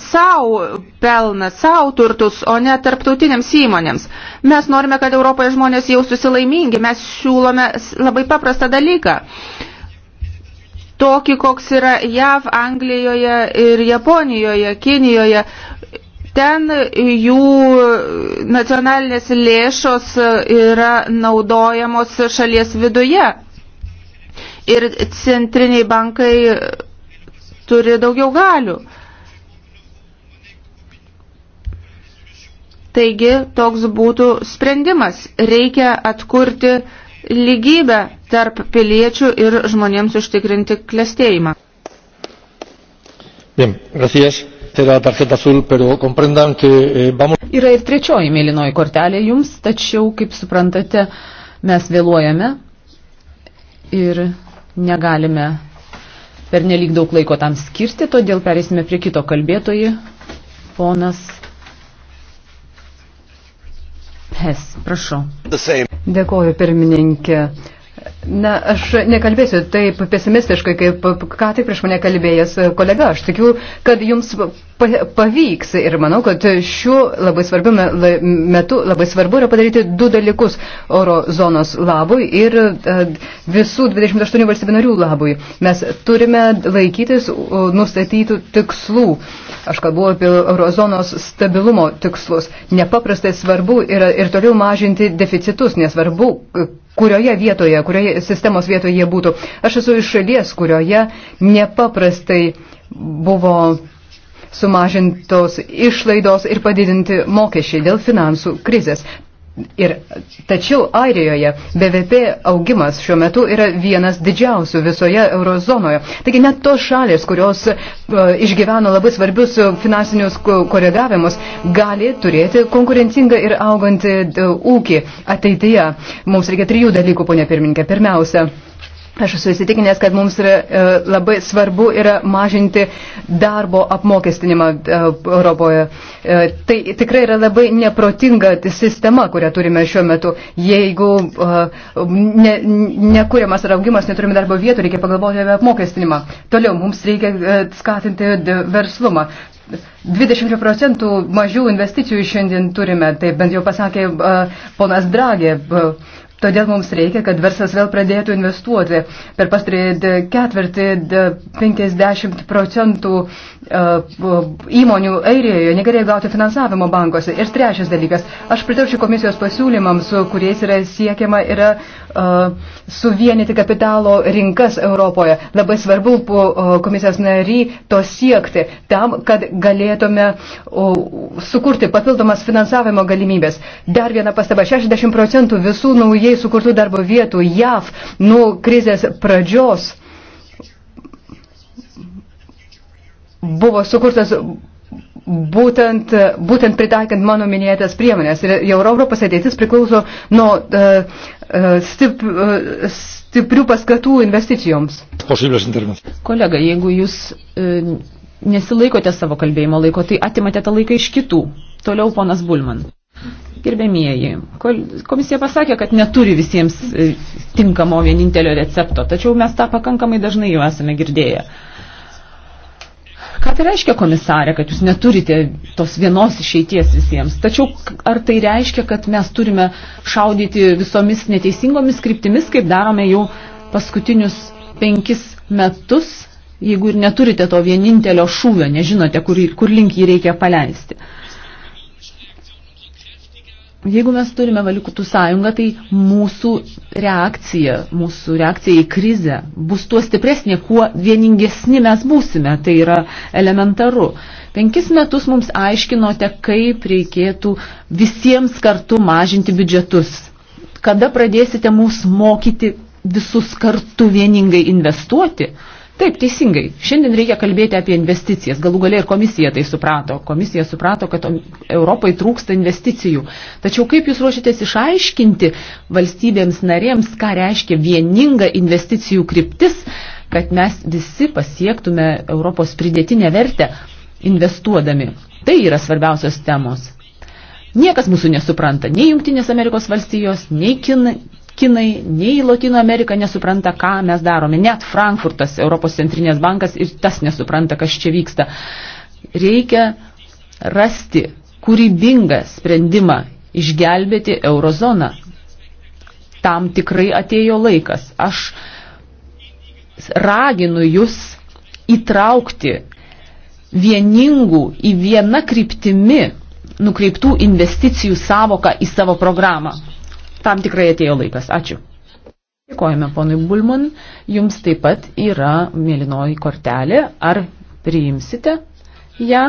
savo pelną, savo turtus, o ne tarptautiniams įmonėms. Mes norime, kad Europoje žmonės jaustųsi laimingi. Mes siūlome labai paprastą dalyką. Tokį, koks yra JAV, Anglijoje ir Japonijoje, Kinijoje, ten jų nacionalinės lėšos yra naudojamos šalies viduje ir centriniai bankai turi daugiau galių. Taigi toks būtų sprendimas. Reikia atkurti lygybę tarp piliečių ir žmonėms užtikrinti klestėjimą. Bien, gracias. Era la tarjeta azul, pero comprendan que eh, vamos... Yra ir trečioji mėlynoji kortelė jums, tačiau, kaip suprantate, mes vėluojame ir negalime per nelik daug laiko tam skirti, todėl perėsime prie kito kalbėtojų, ponas Pes, prašau. Dėkoju, pirmininkė. Na, aš nekalbėsiu taip pesimistiškai, kaip ką tik prieš mane kalbėjęs kolega. Aš tikiu, kad jums pavyks ir manau, kad šiuo labai svarbiu metu labai svarbu yra padaryti du dalykus oro zonos labui ir e, visų 28 valstybių narių labui. Mes turime laikytis nustatytų tikslų. Aš kalbu apie oro zonos stabilumo tikslus. Nepaprastai svarbu yra ir toliau mažinti deficitus, nesvarbu, kurioje vietoje, kurioje sistemos vietoje jie būtų. Aš esu iš šalies, kurioje nepaprastai buvo sumažintos išlaidos ir padidinti mokesčiai dėl finansų krizės. Ir tačiau Airijoje BVP augimas šiuo metu yra vienas didžiausių visoje eurozonoje. Taigi net tos šalės, kurios uh, išgyveno labai svarbius e, finansinius koregavimus, gali turėti konkurencingą ir augantį uh, ūkį ateityje. Mums reikia trijų dalykų, ponia pirmininkė. Pirmiausia, Aš esu įsitikinęs, kad mums yra, e, labai svarbu yra mažinti darbo apmokestinimą e, Europoje. E, tai tikrai yra labai neprotinga sistema, kurią turime šiuo metu. Jeigu ne, nekūriamas ar augimas, neturime darbo vietų, reikia pagalvoti apie apmokestinimą. Toliau mums reikia skatinti verslumą. 20 procentų mažiau investicijų šiandien turime, tai bent jau pasakė ponas Dragė. Todėl mums reikia, kad verslas vėl pradėtų investuoti. Per pastarį ketvirtį 50 procentų e, įmonių Airijoje negalėjo gauti finansavimo bankuose. Ir trečias dalykas, aš pritarčiau komisijos pasiūlymams, kuriais yra siekiama yra uh, suvienyti kapitalo rinkas Europoje. Labai svarbu uh, komisijos nary to siekti tam, kad galėtume uh, sukurti papildomas finansavimo galimybės. Dar viena pastaba. 60 procentų visų naujai sukurtų darbo vietų JAV nuo krizės pradžios buvo sukurtas būtent, būtent pritaikant mano minėtas priemonės. Ir jau Europos ateitis priklauso nuo uh, stip, uh, stiprių paskatų investicijoms. Kolega, jeigu jūs uh, nesilaikote savo kalbėjimo laiko, tai atimate tą laiką iš kitų. Toliau ponas Bulman. Gerbėmieji, komisija pasakė, kad neturi visiems tinkamo vienintelio recepto, tačiau mes tą pakankamai dažnai jau esame girdėję. Uh, Ką tai reiškia, komisarė, kad jūs neturite tos vienos išeities visiems? Tačiau ar tai reiškia, kad mes turime šaudyti visomis neteisingomis kryptimis, kaip darome jau paskutinius penkis metus, jeigu ir neturite to vienintelio šūvio, nežinote, kur, kur link jį reikia paleisti? Uh, Jeigu mes turime valiutų sąjungą, tai mūsų reakcija, mūsų reakcija į krizę bus tuo stipresnė, kuo vieningesni mes būsime. Tai yra elementaru. Penkis metus mums aiškinote, kaip reikėtų visiems kartu mažinti biudžetus. Kada pradėsite mus mokyti visus kartu vieningai investuoti? Uh, Taip, teisingai. Šiandien reikia kalbėti apie investicijas. Galų galia ir komisija tai suprato. Komisija suprato, kad Europai trūksta investicijų. Tačiau kaip jūs ruošitės išaiškinti valstybėms narėms, ką reiškia vieninga investicijų kryptis, kad mes visi pasiektume Europos pridėtinę vertę investuodami? Tai yra svarbiausios temos. Niekas mūsų nesupranta, nei Junktinės Amerikos valstijos, nei Kinai, Kinai, nei Latino Amerika nesupranta, ką mes darome. Net Frankfurtas, Europos centrinės bankas, ir tas nesupranta, kas čia vyksta. Reikia rasti kūrybingą sprendimą išgelbėti eurozoną. Tam tikrai atėjo laikas. Aš raginu jūs įtraukti vieningų į vieną kryptimi nukreiptų investicijų savoką į savo programą tam tikrai atėjo laikas. Ačiū. Dėkojame ponui Bulman. Jums taip pat yra mėlynoji kortelė. Ar priimsite ją?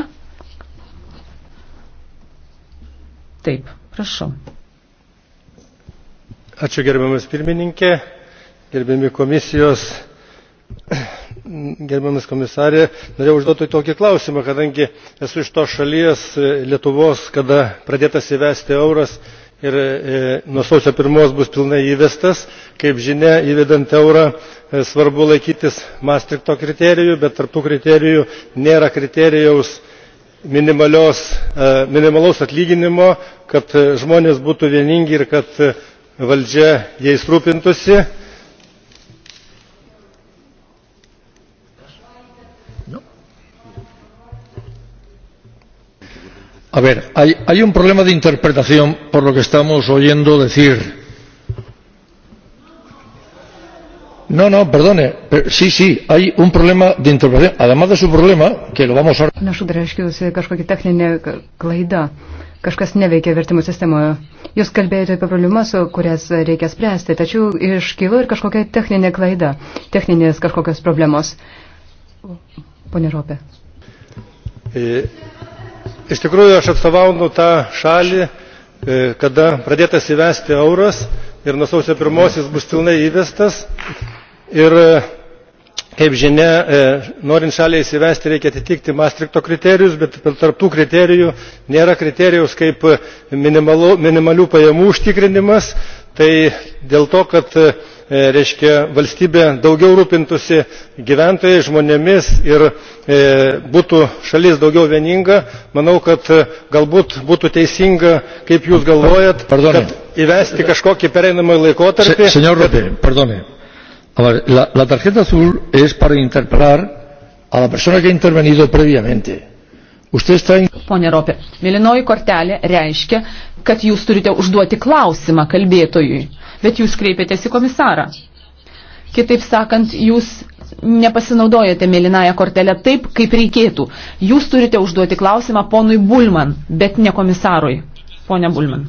Taip, prašau. Ačiū gerbiamas pirmininkė, gerbiami komisijos, gerbiamas komisarė. Norėjau užduoti tokį klausimą, kadangi esu iš tos šalies Lietuvos, kada pradėtas įvesti euras ir e, nuo sausio pirmos bus pilnai įvestas kaip žinia įvedant eurą e, svarbu laikytis mastrichto kriterijų bet tarp tų kriterijų nėra kriterijaus e, minimalaus atlyginimo kad žmonės būtų vieningi ir kad valdžia jais rūpintųsi. hay un problema de interpretación por lo que estamos oyendo decir. no no perdone sí sí hay un problema de interpretación además de su problema que lo vamos a. Na, šuberė, iškilusi kažkokia techninė klaida. Kažkas neveikia vertimo sistemoje. Jūs kalbėjote apie problemas, kurias reikia spręsti, tačiau iškilo ir kažkokia techninė klaida, techninės kažkokios problemos. Pone Ropė. E iš tikrųjų aš atstovaunu tą šalį e, kada pradėtas įvesti euras ir nuo sausio pirmos jis bus pilnai įvestas ir e, kaip žinia e, norint šaliai įsivesti reikia atitikti mastrichto kriterijus bet tarp tų kriterijų nėra kriterijaus kaip minimalių pajamų užtikrinimas tai dėl to kad E, reiškia valstybė daugiau rūpintųsi gyventojais žmonėmis ir e, būtų šalis daugiau vieninga manau kad e, galbūt būtų teisinga kaip jūs galvojat kad įvesti kažkokį pereinamąjį laikotarpį La, la tarjeta azul es para interpelar a la persona que ha intervenido previamente. Usted está in... Pone Ropė, mėlynoji kortelė reiškia, kad jūs turite užduoti klausimą kalbėtojui bet jūs kreipėtės į komisarą. Kitaip sakant, jūs nepasinaudojate mėlynąją kortelę taip, kaip reikėtų. Jūs turite užduoti klausimą ponui Bulman, bet ne komisarui. Pone Bulman.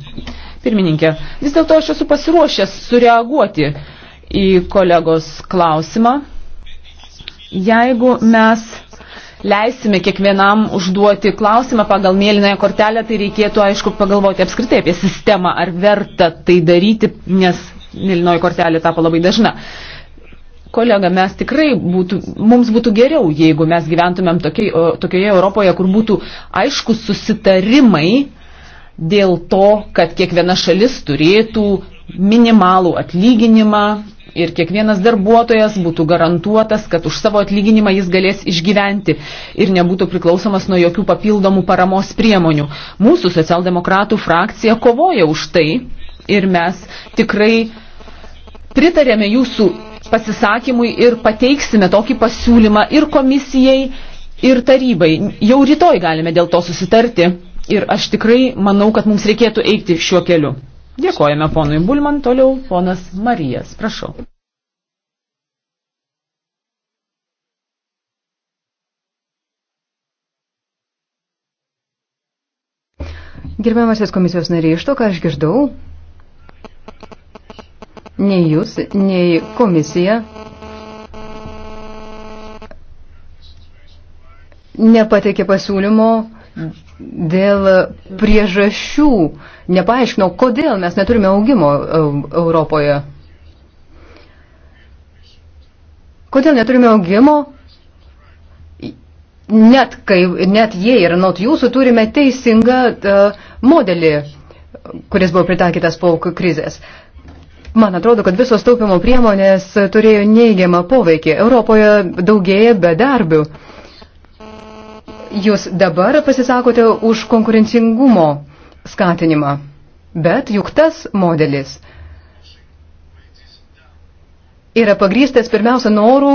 Pirmininkė, vis dėlto aš esu pasiruošęs sureaguoti į kolegos klausimą. Jeigu mes leisime kiekvienam užduoti klausimą pagal mėlynąją kortelę, tai reikėtų, aišku, pagalvoti apskritai apie sistemą, ar verta tai daryti, nes mėlynoji kortelė tapo labai dažna. Kolega, mes tikrai būtų, mums būtų geriau, jeigu mes gyventumėm tokiai, o, tokioje Europoje, kur būtų aiškus susitarimai dėl to, kad kiekviena šalis turėtų minimalų atlyginimą, ir kiekvienas darbuotojas būtų garantuotas, kad už savo atlyginimą jis galės išgyventi ir nebūtų priklausomas nuo jokių papildomų paramos priemonių. Mūsų socialdemokratų frakcija kovoja už tai ir mes tikrai pritarėme jūsų pasisakymui ir pateiksime tokį pasiūlymą ir komisijai, ir tarybai. Jau rytoj galime dėl to susitarti ir aš tikrai manau, kad mums reikėtų eiti šiuo keliu. Dėkojame ponui Bulman, toliau ponas Marijas, prašau. Gerbiamasis komisijos nariai, iš to, ką aš girdau, nei jūs, nei komisija nepateikė pasiūlymo dėl priežasčių, nepaaiškinau, kodėl mes neturime augimo e, Europoje. Kodėl neturime augimo, net, kai, net jei ir not jūsų turime teisingą uh, modelį, kuris buvo pritaikytas po krizės. Man atrodo, kad visos taupimo priemonės turėjo neigiamą poveikį. Europoje daugėja bedarbių. Jūs dabar pasisakote už konkurencingumo skatinimą. Bet juk tas modelis yra pagrystas pirmiausia norų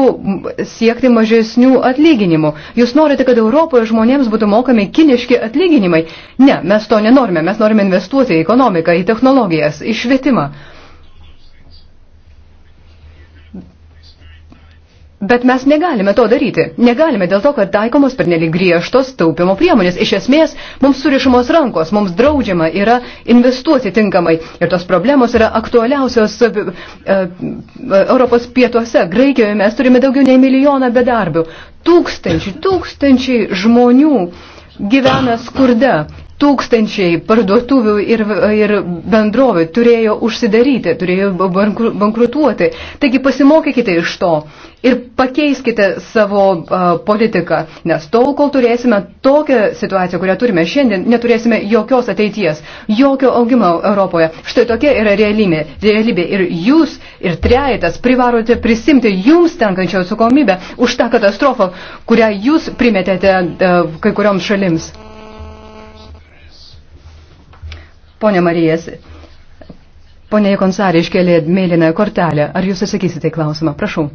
siekti mažesnių atlyginimų. Jūs norite, kad Europoje žmonėms būtų mokami kiniški atlyginimai? Ne, mes to nenorime. Mes norime investuoti į ekonomiką, į technologijas, į švietimą. Bet mes negalime to daryti. Negalime dėl to, kad taikomos pernelyg griežtos taupimo priemonės. Iš esmės, mums surišamos rankos, mums draudžiama yra investuoti tinkamai. Ir tos problemos yra aktualiausios e, e, Europos pietuose. Graikijoje mes turime daugiau nei milijoną bedarbių. Tūkstančiai, tūkstančiai žmonių gyvena skurde tūkstančiai parduotuvių ir, ir bendrovių turėjo užsidaryti, turėjo bankrutuoti. Taigi pasimokykite iš to ir pakeiskite savo uh, politiką, nes tol, kol turėsime tokią situaciją, kurią turime šiandien, neturėsime jokios ateities, jokio augimo Europoje. Štai tokia yra realybė. realybė. Ir jūs, ir trejetas privarote prisimti jums tenkančią atsakomybę už tą katastrofą, kurią jūs primetėte uh, kai kurioms šalims. Pone Marijas, ponė Konsarė iškėlė mėlyną kortelę. Ar jūs atsakysite į klausimą? Prašau.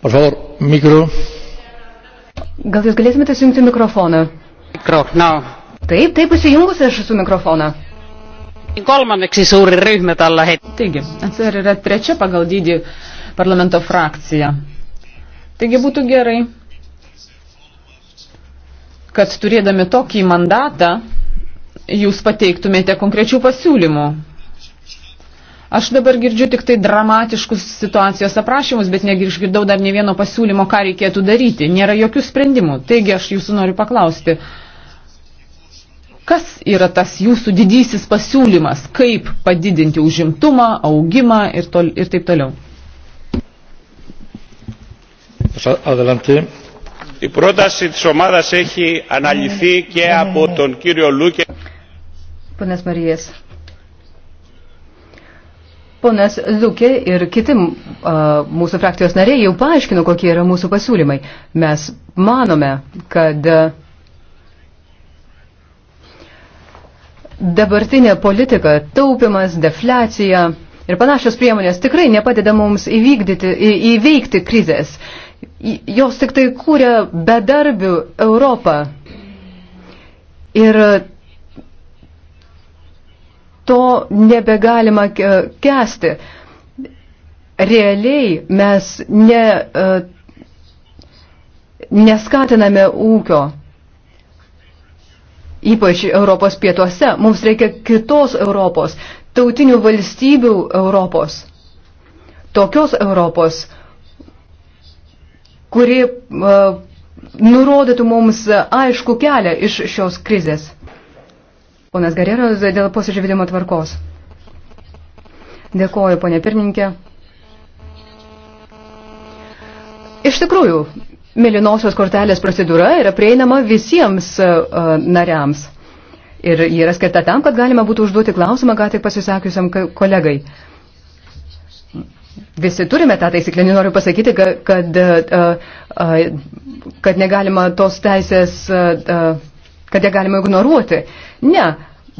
Por favor, micro. Gal jūs galėtumėte sujungti mikrofoną? Mikro, now. Taip, taip, įsijungus aš su mikrofoną. Kolmanneksi suuri ryhmä tällä hetkellä. Taigi, atsir yra trečia pagal dydį parlamento frakcija. Taigi būtų gerai, kad turėdami tokį mandatą jūs pateiktumėte konkrečių pasiūlymų. Aš dabar girdžiu tik tai dramatiškus situacijos aprašymus, bet negirdau dar ne vieno pasiūlymo, ką reikėtų daryti. Nėra jokių sprendimų. Taigi aš jūsų noriu paklausti, kas yra tas jūsų didysis pasiūlymas, kaip padidinti užimtumą, augimą ir, tol, ir taip toliau. Η πρόταση της ομάδας έχει αναλυθεί και από τον κύριο Λούκε. Ponas Marijas. Ponas Lūkė ir kiti a, mūsų frakcijos nariai jau paaiškino, kokie yra mūsų pasiūlymai. Mes manome, kad dabartinė politika, taupimas, deflecija ir panašios priemonės tikrai nepadeda mums įvykdyti, į, įveikti krizės jos tik tai kūrė bedarbių Europą. Ir e, to nebegalima e, kesti. Realiai mes ne, e, neskatiname ūkio, ypač Europos pietuose. Mums reikia kitos Europos, tautinių valstybių Europos, tokios Europos, kuri uh, nurodytų mums aišku kelią iš šios krizės. Ponas Gareras dėl posėdžiavimo tvarkos. Dėkoju, ponė pirmininkė. Iš tikrųjų, mėlynosios kortelės procedūra yra prieinama visiems uh, nariams. Ir ji yra skirta tam, kad galima būtų užduoti klausimą, ką tik pasisakiusiam kolegai. Uh, visi turime tą taisyklę. Nenoriu pasakyti, kad, e, e, kad negalima tos teisės, e, kad ją galima ignoruoti. Ne.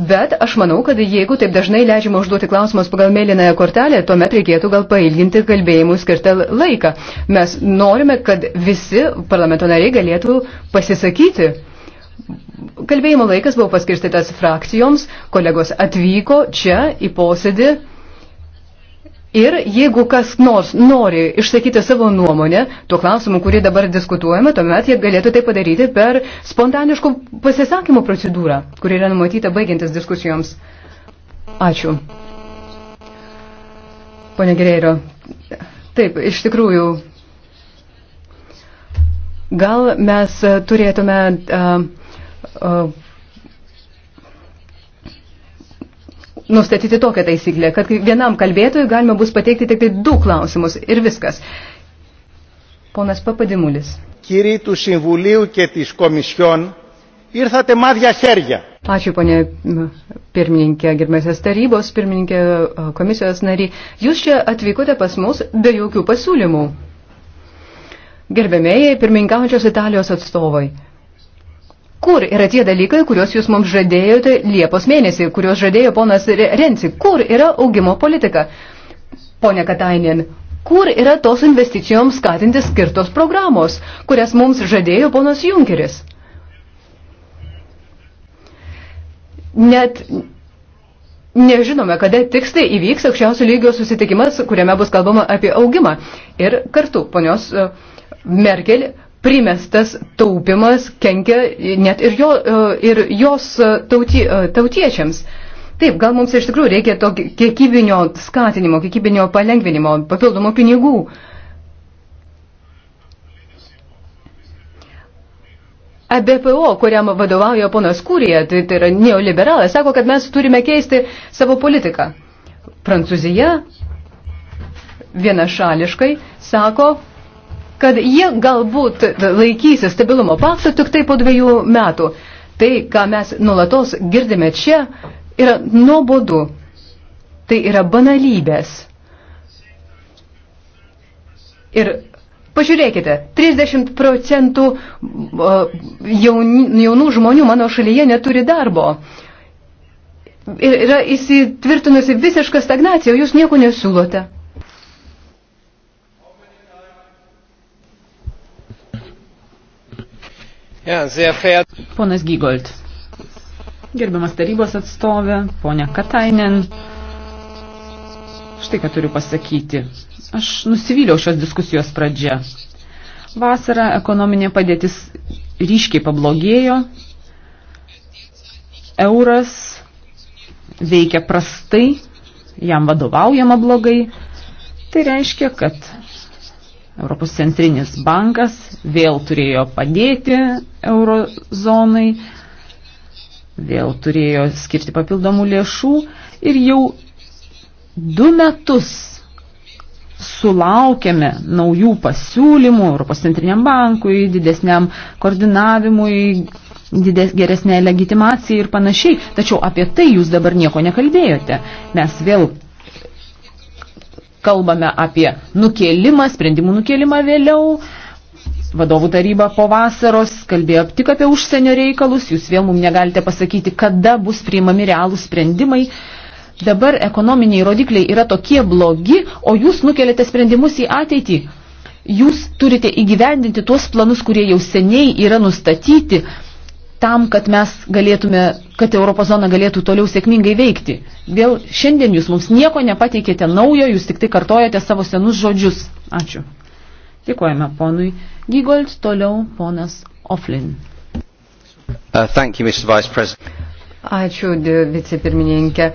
Bet aš manau, kad jeigu taip dažnai leidžiama užduoti klausimus pagal mėlynąją kortelę, tuomet reikėtų gal pailginti kalbėjimų skirtą laiką. Mes norime, kad visi parlamento nariai galėtų pasisakyti. Kalbėjimo laikas buvo paskirstytas frakcijoms, kolegos atvyko čia į posėdį. Ir jeigu kas nors nori išsakyti savo nuomonę tuo klausimu, kurį dabar diskutuojame, tuomet jie galėtų tai padaryti per spontaniškų pasisakymų procedūrą, kuri yra numatyta baigiantis diskusijoms. Ačiū. Pone Gereiro, taip, iš tikrųjų, gal mes turėtume. Uh, uh, nustatyti tokią taisyklę, kad vienam kalbėtojui galima bus pateikti tik tai du klausimus ir viskas. Ponas Papadimulis. Kyriai tų Συμβουλίου και της Κομισιόν, ήρθατε μάδια χέρια. Ačiū, ponė pirmininkė, gerbėsias tarybos, pirmininkė komisijos nariai. Jūs čia atvykote pas mus be jokių pasiūlymų. Gerbėmėjai, pirmininkaujančios Italijos atstovai. Kur yra tie dalykai, kuriuos jūs mums žadėjote Liepos mėnesį, kuriuos žadėjo ponas Renci? Kur yra augimo politika? Pone Katainin, kur yra tos investicijoms skatinti skirtos programos, kurias mums žadėjo ponas Junkeris? Net nežinome, kada tiksliai įvyks aukščiausių lygio susitikimas, kuriame bus kalbama apie augimą. Ir kartu, ponios e, Merkel, primestas taupimas kenkia net ir, jo, e, ir jos e, tauti, e, tautiečiams. Taip, gal mums iš tikrųjų reikia to kiekybinio skatinimo, kiekybinio palengvinimo, papildomų pinigų. ABPO, kuriam vadovauja ponas Kūrija, tai, tai yra neoliberalas, sako, kad mes turime keisti savo politiką. Prancūzija vienašališkai sako, kad jie galbūt laikysis stabilumo pakto tik tai po dviejų metų. Tai, ką mes nulatos girdime čia, yra nuobodu. Tai yra banalybės. Ir Pažiūrėkite, 30 procentų jaunų žmonių mano šalyje neturi darbo. Ir yra įsitvirtinusi visiška stagnacija, o jūs nieko nesiūlote. Ponas Gygold. Gerbiamas tarybos atstovė, ponia Katainen. Štai ką turiu pasakyti. Aš nusivyliau šios diskusijos pradžia. Vasarą ekonominė padėtis ryškiai pablogėjo. Euras veikia prastai, jam vadovaujama blogai. Tai reiškia, kad Europos centrinis bankas vėl turėjo padėti eurozonai, vėl turėjo skirti papildomų lėšų ir jau du metus sulaukėme naujų pasiūlymų Europos centriniam bankui, didesniam koordinavimui, dides, geresnė legitimacija ir panašiai. Tačiau apie tai jūs dabar nieko nekalbėjote. Mes vėl kalbame apie nukėlimą, sprendimų nukėlimą vėliau. Vadovų taryba po vasaros kalbėjo tik apie užsienio reikalus, jūs vėl mums negalite pasakyti, kada bus priimami realūs sprendimai. Dabar ekonominiai rodikliai yra tokie blogi, o jūs nukeliate sprendimus į ateitį. Jūs turite įgyvendinti tuos planus, kurie jau seniai yra nustatyti tam, kad mes galėtume, kad Eurozona galėtų toliau sėkmingai veikti. Vėl šiandien jūs mums nieko nepateikėte naujo, jūs tik tai kartojate savo senus žodžius. Ačiū. Dėkojame ponui Gygold, toliau ponas Oflin. Uh, thank you, Mr. Vice President. Ačiū, vicepirmininkė.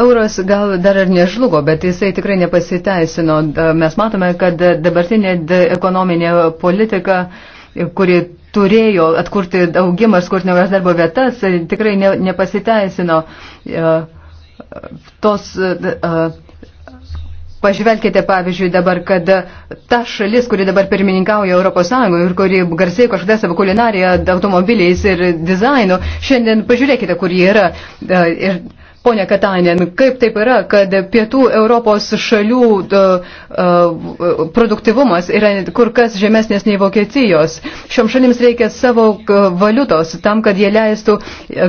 Euras gal dar ir nežlugo, bet jisai tikrai nepasiteisino. Mes matome, kad dabartinė ekonominė politika uh, kuri turėjo atkurti augimą ir skurti naujas darbo vietas, e, tikrai ne, nepasiteisino. E, tos, e, pažvelkite, pavyzdžiui, dabar, kad ta šalis, kuri dabar pirmininkauja Europos Sąjungoje ir kuri garsėjo kažkada savo kulinariją automobiliais ir dizainu, šiandien pažiūrėkite, kur jie yra. Ir Pone Katainen, kaip taip yra, kad pietų Europos šalių uh, uh, produktivumas yra kur kas žemesnės nei Vokietijos. Šiom šalims reikia savo e, valiutos tam, kad jie leistų,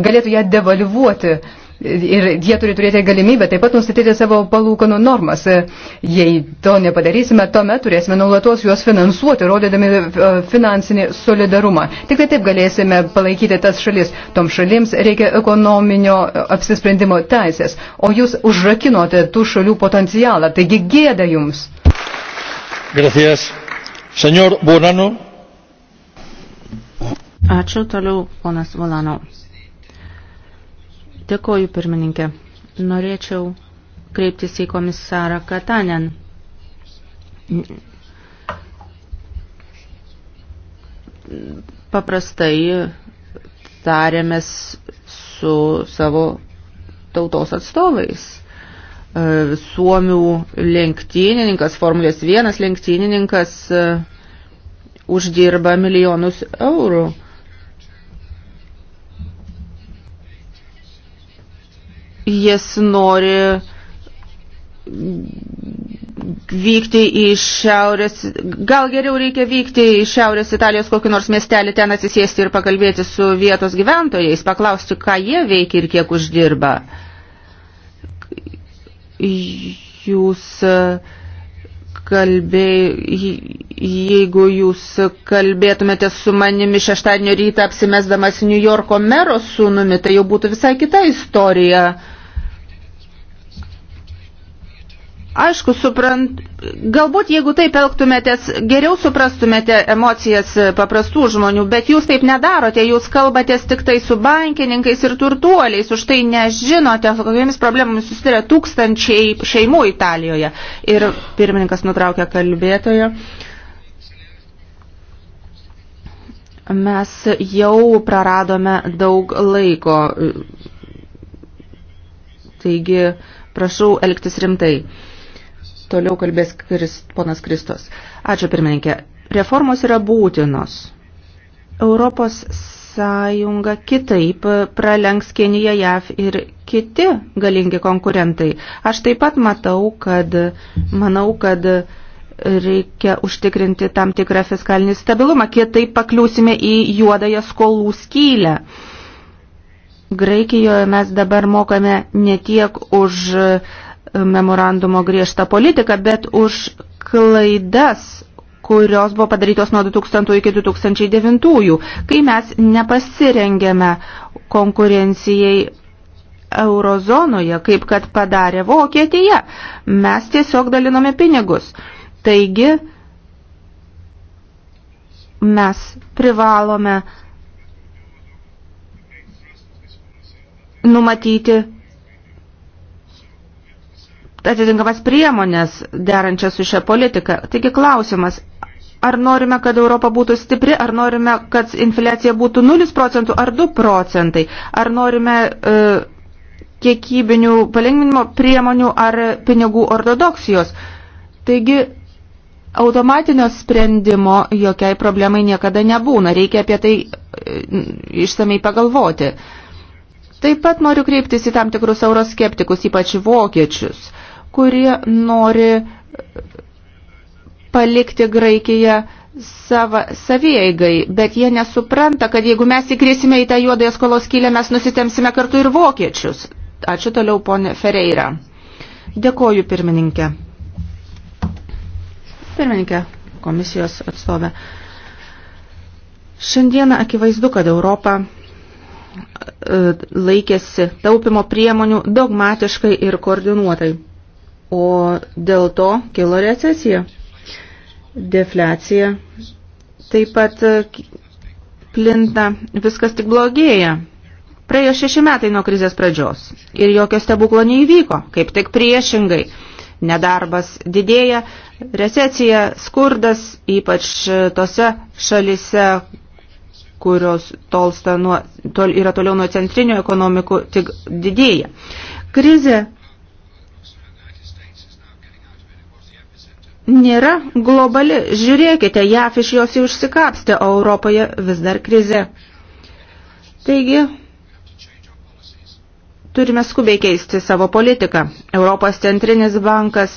galėtų ją devalvuoti. Uh, Ir jie turi turėti galimybę taip pat nustatyti savo palūkanų normas. Jei to nepadarysime, tuomet turėsime nuolatos juos finansuoti, rodydami e, finansinį solidarumą. Tik tai taip galėsime palaikyti tas šalis. Tom šalims reikia ekonominio e, apsisprendimo teisės. O jūs užrakinote tų šalių potencialą. Taigi gėda jums. Gracias. Senor Bonano. Ačiū toliau, ponas Volano. Dėkoju, pirmininkė. Norėčiau kreiptis į komisarą Katanen. Paprastai tarėmės su savo tautos atstovais. Suomių lenktynininkas, Formulės 1 lenktynininkas e, uždirba milijonus eurų jis nori vykti į šiaurės, gal geriau reikia vykti į šiaurės Italijos kokį nors miestelį, ten atsisėsti ir pakalbėti su vietos gyventojais, paklausti, ką jie veikia ir kiek uždirba. Jūs e, kalbėjai, jeigu jūs kalbėtumėte su manimi šeštadienio rytą apsimesdamas New Yorko mero sūnumi, tai jau būtų visai kita istorija Aišku, suprant, galbūt jeigu taip elgtumėtės, geriau suprastumėte emocijas paprastų žmonių, bet jūs taip nedarote, jūs kalbatės tik tai su bankininkais ir turtuoliais, už tai nežinote, kokiamis problemomis susiduria tūkstančiai šeimų Italijoje. Ir pirmininkas nutraukė kalbėtojo. Mes jau praradome daug laiko, taigi prašau elgtis rimtai. Toliau kalbės Krist, ponas Kristos. Ačiū pirmininkė. Reformos yra būtinos. Europos sąjunga kitaip pralenks Kenija, JAV ir kiti galingi konkurentai. Aš taip pat matau, kad manau, kad reikia užtikrinti tam tikrą fiskalinį stabilumą, kitaip pakliūsime į juodąją skolų skylę. Graikijoje mes dabar mokame ne tiek už uh, memorandumo griežtą politiką, bet už klaidas, kurios buvo padarytos nuo 2000 iki 2009, kai mes nepasirengėme konkurencijai eurozonoje, kaip kad padarė Vokietija. Mes tiesiog dalinome pinigus. Taigi, mes privalome numatyti atitinkamas priemonės derančias su šią politiką. Taigi klausimas, ar norime, kad Europa būtų stipri, ar norime, kad infliacija būtų 0 procentų ar 2 procentai, ar norime e, kiekybinių palengvinimo priemonių ar pinigų ortodoksijos. Taigi automatinio sprendimo jokiai problemai niekada nebūna, reikia apie tai e, išsamei pagalvoti. Taip pat noriu kreiptis į tam tikrus euroskeptikus, ypač vokiečius. E, kurie nori palikti Graikiją sava, savieigai, bet jie nesupranta, kad jeigu mes įkrisime į tą juodąją skolos kylę, mes nusitemsime kartu ir vokiečius. Ačiū toliau, ponė Ferreira. Dėkoju, pirmininkė. Pirmininkė, komisijos atstovė. Šiandieną akivaizdu, kad Europa e, laikėsi taupimo priemonių dogmatiškai ir koordinuotai o dėl to kilo recesija. Deflecija taip pat e, plinta, viskas tik blogėja. Praėjo šeši metai nuo krizės pradžios ir jokio stebuklo neįvyko, kaip tik priešingai. Nedarbas didėja, recesija, skurdas, ypač e, tose šalise, kurios tolsta nuo, tol, yra toliau nuo centrinių ekonomikų, tik didėja. Krizė nėra globali. Žiūrėkite, JAF iš jos jau išsikapstė, o Europoje vis dar krize. Taigi, turime skubiai keisti savo politiką. Europos centrinis bankas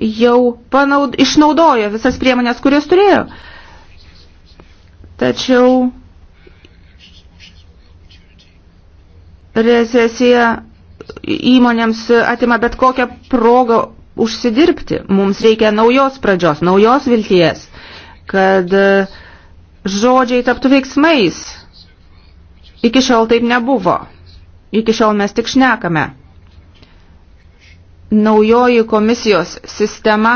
jau panaud, išnaudojo visas priemonės, kurias turėjo. Tačiau recesija įmonėms atima bet kokią progą užsidirbti. Mums reikia naujos pradžios, naujos vilties, kad e, žodžiai taptų veiksmais. Iki šiol taip nebuvo. Iki šiol mes tik šnekame. Naujoji komisijos sistema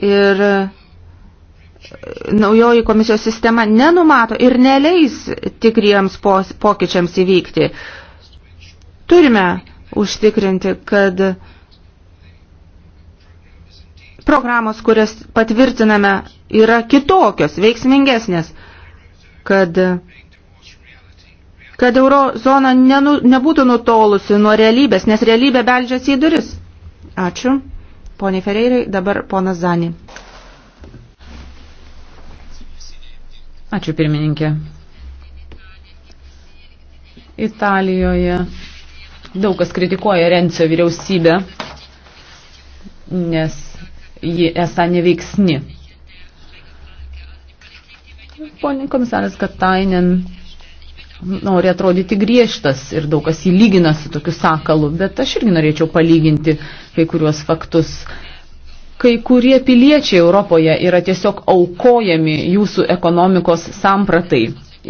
ir e, naujoji komisijos sistema nenumato ir neleis tikriems pokyčiams įvykti. Turime užtikrinti, kad programos, kurias patvirtiname, yra kitokios, veiksmingesnės, kad, kad eurozona nenu, nebūtų nutolusi nuo realybės, nes realybė beldžiasi į duris. Ačiū. Pone Ferreirai, dabar ponas Zani. Ačiū pirmininkė. Italijoje daug kas kritikuoja Rencio vyriausybę, nes ji esą neveiksni. Pone komisaras Katainen nori atrodyti griežtas ir daug kas jį lygina su tokiu sakalu, bet aš irgi norėčiau palyginti kai kuriuos faktus. Kai kurie piliečiai Europoje yra tiesiog aukojami jūsų ekonomikos sampratai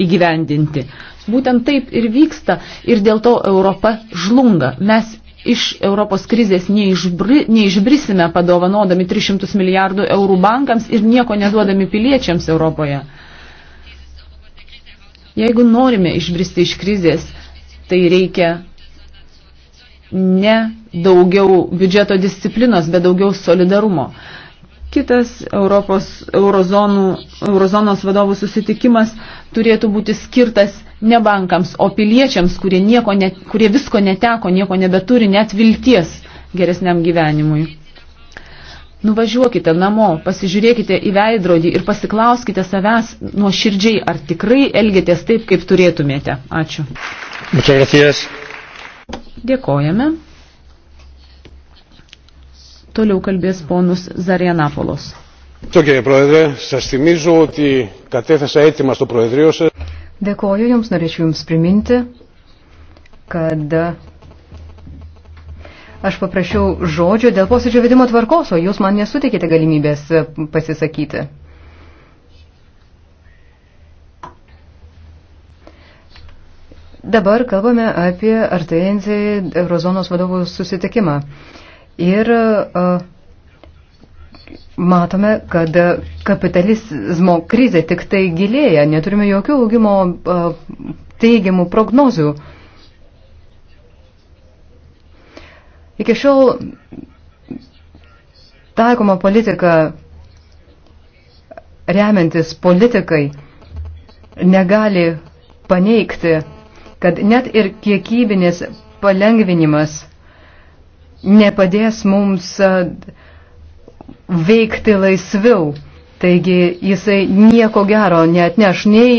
įgyvendinti. Būtent taip ir vyksta ir dėl to Europa žlunga. Mes iš Europos krizės neišbri, neišbrisime padovanodami 300 milijardų eurų bankams ir nieko neduodami piliečiams Europoje. Jeigu norime išbristi iš krizės, tai reikia ne daugiau biudžeto disciplinos, bet daugiau solidarumo. Kitas Europos eurozonų, eurozonos vadovų susitikimas turėtų būti skirtas ne bankams, o piliečiams, kurie, nieko net, kurie visko neteko, nieko nebeturi, net vilties geresniam gyvenimui. Nuvažiuokite namo, pasižiūrėkite į veidrodį ir pasiklauskite savęs nuo širdžiai, ar tikrai elgėtės taip, kaip turėtumėte. Ačiū. Dėkojame. Toliau kalbės ponus Zarianapolos. Dėkoju Jums, norėčiau Jums priminti, kad aš paprašiau žodžio dėl posėdžio vedimo tvarkos, o Jūs man nesuteikite galimybės pasisakyti. Dabar kalbame apie artėjantį Eurozonos vadovų susitikimą. Ir e, matome, kad kapitalizmo krizė tik tai gilėja, neturime jokių augimo e, teigiamų prognozių. Iki šiol taikoma politika, remiantis politikai, negali paneigti, kad net ir kiekybinis palengvinimas nepadės mums veikti laisviau. Taigi jisai nieko gero neatneš nei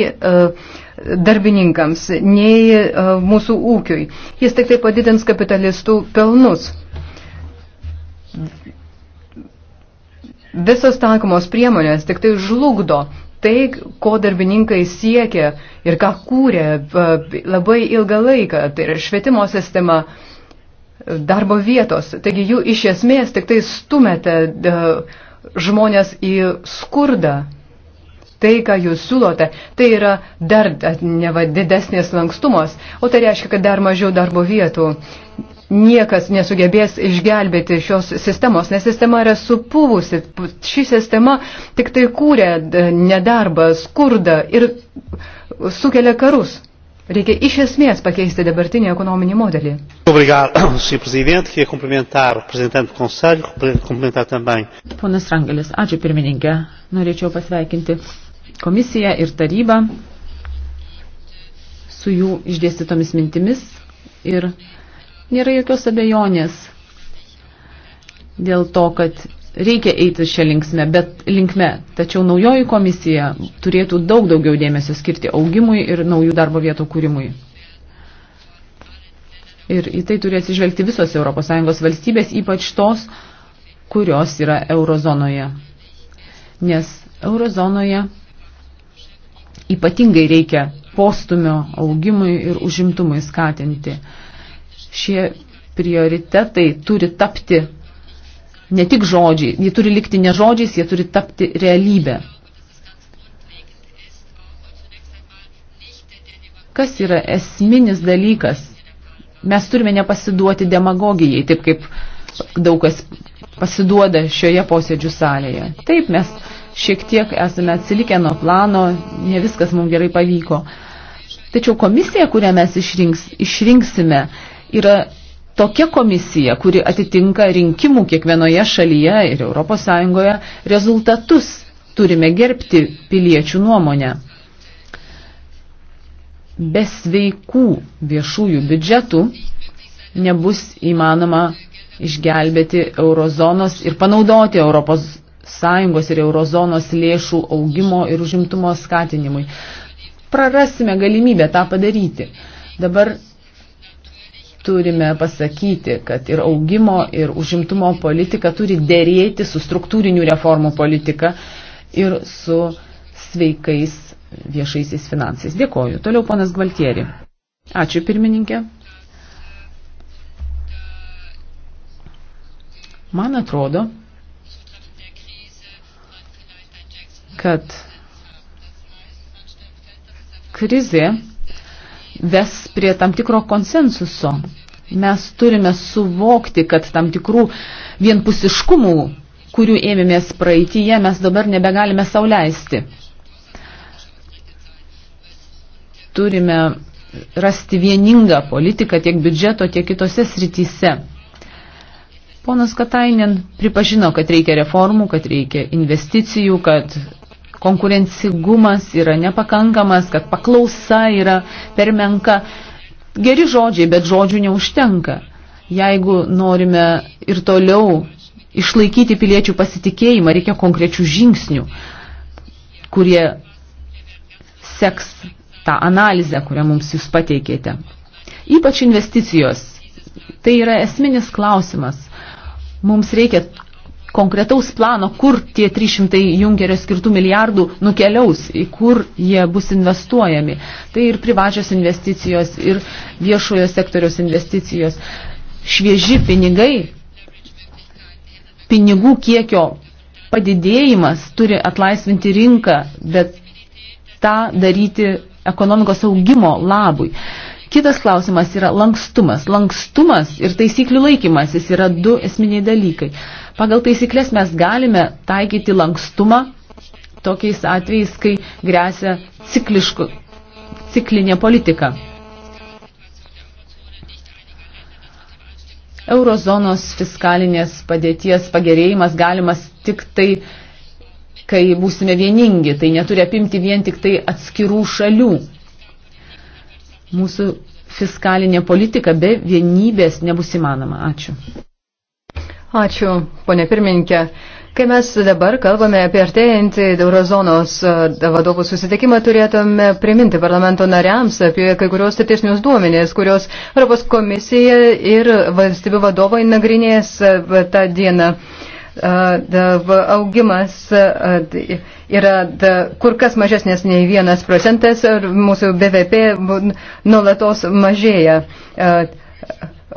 darbininkams, nei mūsų ūkiui. Jis tik tai padidins kapitalistų pelnus. Visos tankomos priemonės tik tai žlugdo tai, ko darbininkai siekia ir ką kūrė labai ilgą laiką. Tai yra švietimo sistema, uh, darbo vietos. Taigi jų iš esmės tik tai stumėte e, žmonės į skurdą. Tai, ką jūs siūlote, tai yra dar neva didesnės lankstumos, o tai reiškia, kad dar mažiau darbo vietų. Niekas nesugebės išgelbėti šios sistemos, nes sistema yra supūvusi. Ši sistema tik tai kūrė e, nedarbą, skurdą ir sukelia karus. Reikia iš esmės pakeisti dabartinį ekonominį modelį. Ponas Rangelis, ačiū pirmininkė. Norėčiau pasveikinti komisiją ir tarybą su jų išdėstytomis mintimis ir nėra jokios abejonės dėl to, kad reikia eiti šią linksmę, bet linkme. Tačiau naujoji komisija turėtų daug daugiau dėmesio skirti augimui ir naujų darbo vietų kūrimui. Ir į tai turės išvelgti visos ES valstybės, ypač tos, kurios yra eurozonoje. Nes eurozonoje ypatingai reikia postumio augimui ir užimtumui skatinti. Šie prioritetai turi tapti ne tik žodžiai, jie turi likti ne žodžiais, jie turi tapti realybę. Kas yra esminis dalykas? Mes turime nepasiduoti demagogijai, taip kaip daug kas pasiduoda šioje posėdžių salėje. Taip, mes šiek tiek esame atsilikę nuo plano, ne viskas mums gerai pavyko. Tačiau komisija, kurią mes išrinks, išrinksime, yra tokia komisija, kuri atitinka rinkimų kiekvienoje šalyje ir ES rezultatus. Turime gerbti piliečių nuomonę. Be sveikų viešųjų biudžetų nebus įmanoma išgelbėti eurozonos ir panaudoti Europos Sąjungos ir eurozonos lėšų augimo ir užimtumo skatinimui. Prarasime galimybę tą padaryti. Dabar turime pasakyti, kad ir augimo, ir užimtumo politika turi dėrėti su struktūrinių reformų politika ir su sveikais viešaisiais finansais. Dėkoju. Toliau ponas Gvaltieri. Ačiū pirmininkė. Man atrodo, kad krizė ves prie tam tikro konsensuso. Mes turime suvokti, kad tam tikrų vienpusiškumų, kurių ėmėmės praeityje, mes dabar nebegalime sauliaisti. Turime rasti vieningą politiką tiek biudžeto, tiek kitose srityse. Ponas Katainen pripažino, kad reikia reformų, kad reikia investicijų, kad konkurencigumas yra nepakankamas, kad paklausa yra per menka. Geri žodžiai, bet žodžių neužtenka. Jeigu norime ir toliau išlaikyti piliečių pasitikėjimą, reikia konkrečių žingsnių, kurie seks tą analizę, kurią mums jūs pateikėte. Ypač investicijos. Tai yra esminis klausimas. Mums reikia konkretaus plano, kur tie 300 jungerio skirtų milijardų nukeliaus, į kur jie bus investuojami. Tai ir privačios investicijos, ir viešojo sektoriaus investicijos. Švieži pinigai, pinigų kiekio padidėjimas turi atlaisvinti rinką, bet tą daryti ekonomikos augimo labui. Kitas klausimas yra lankstumas. Lankstumas ir taisyklių laikymasis yra du esminiai dalykai. Pagal taisyklės mes galime taikyti lankstumą tokiais atvejais, kai grėsia cikliškų, ciklinė politika. Eurozonos fiskalinės padėties pagerėjimas galimas tik tai, kai būsime vieningi, tai neturi apimti vien tik tai atskirų šalių. Mūsų fiskalinė politika be vienybės nebus įmanoma. Ačiū. Ačiū, ponė pirmininkė. Kai mes dabar kalbame apie artėjantį eurozonos e, vadovų susitikimą, turėtume priminti parlamento nariams apie kai kurios statistinius duomenės, kurios Europos komisija ir valstybių vadovai nagrinės e, tą dieną. E, augimas yra kur kas mažesnės nei vienas procentas, mūsų BVP nulatos mažėja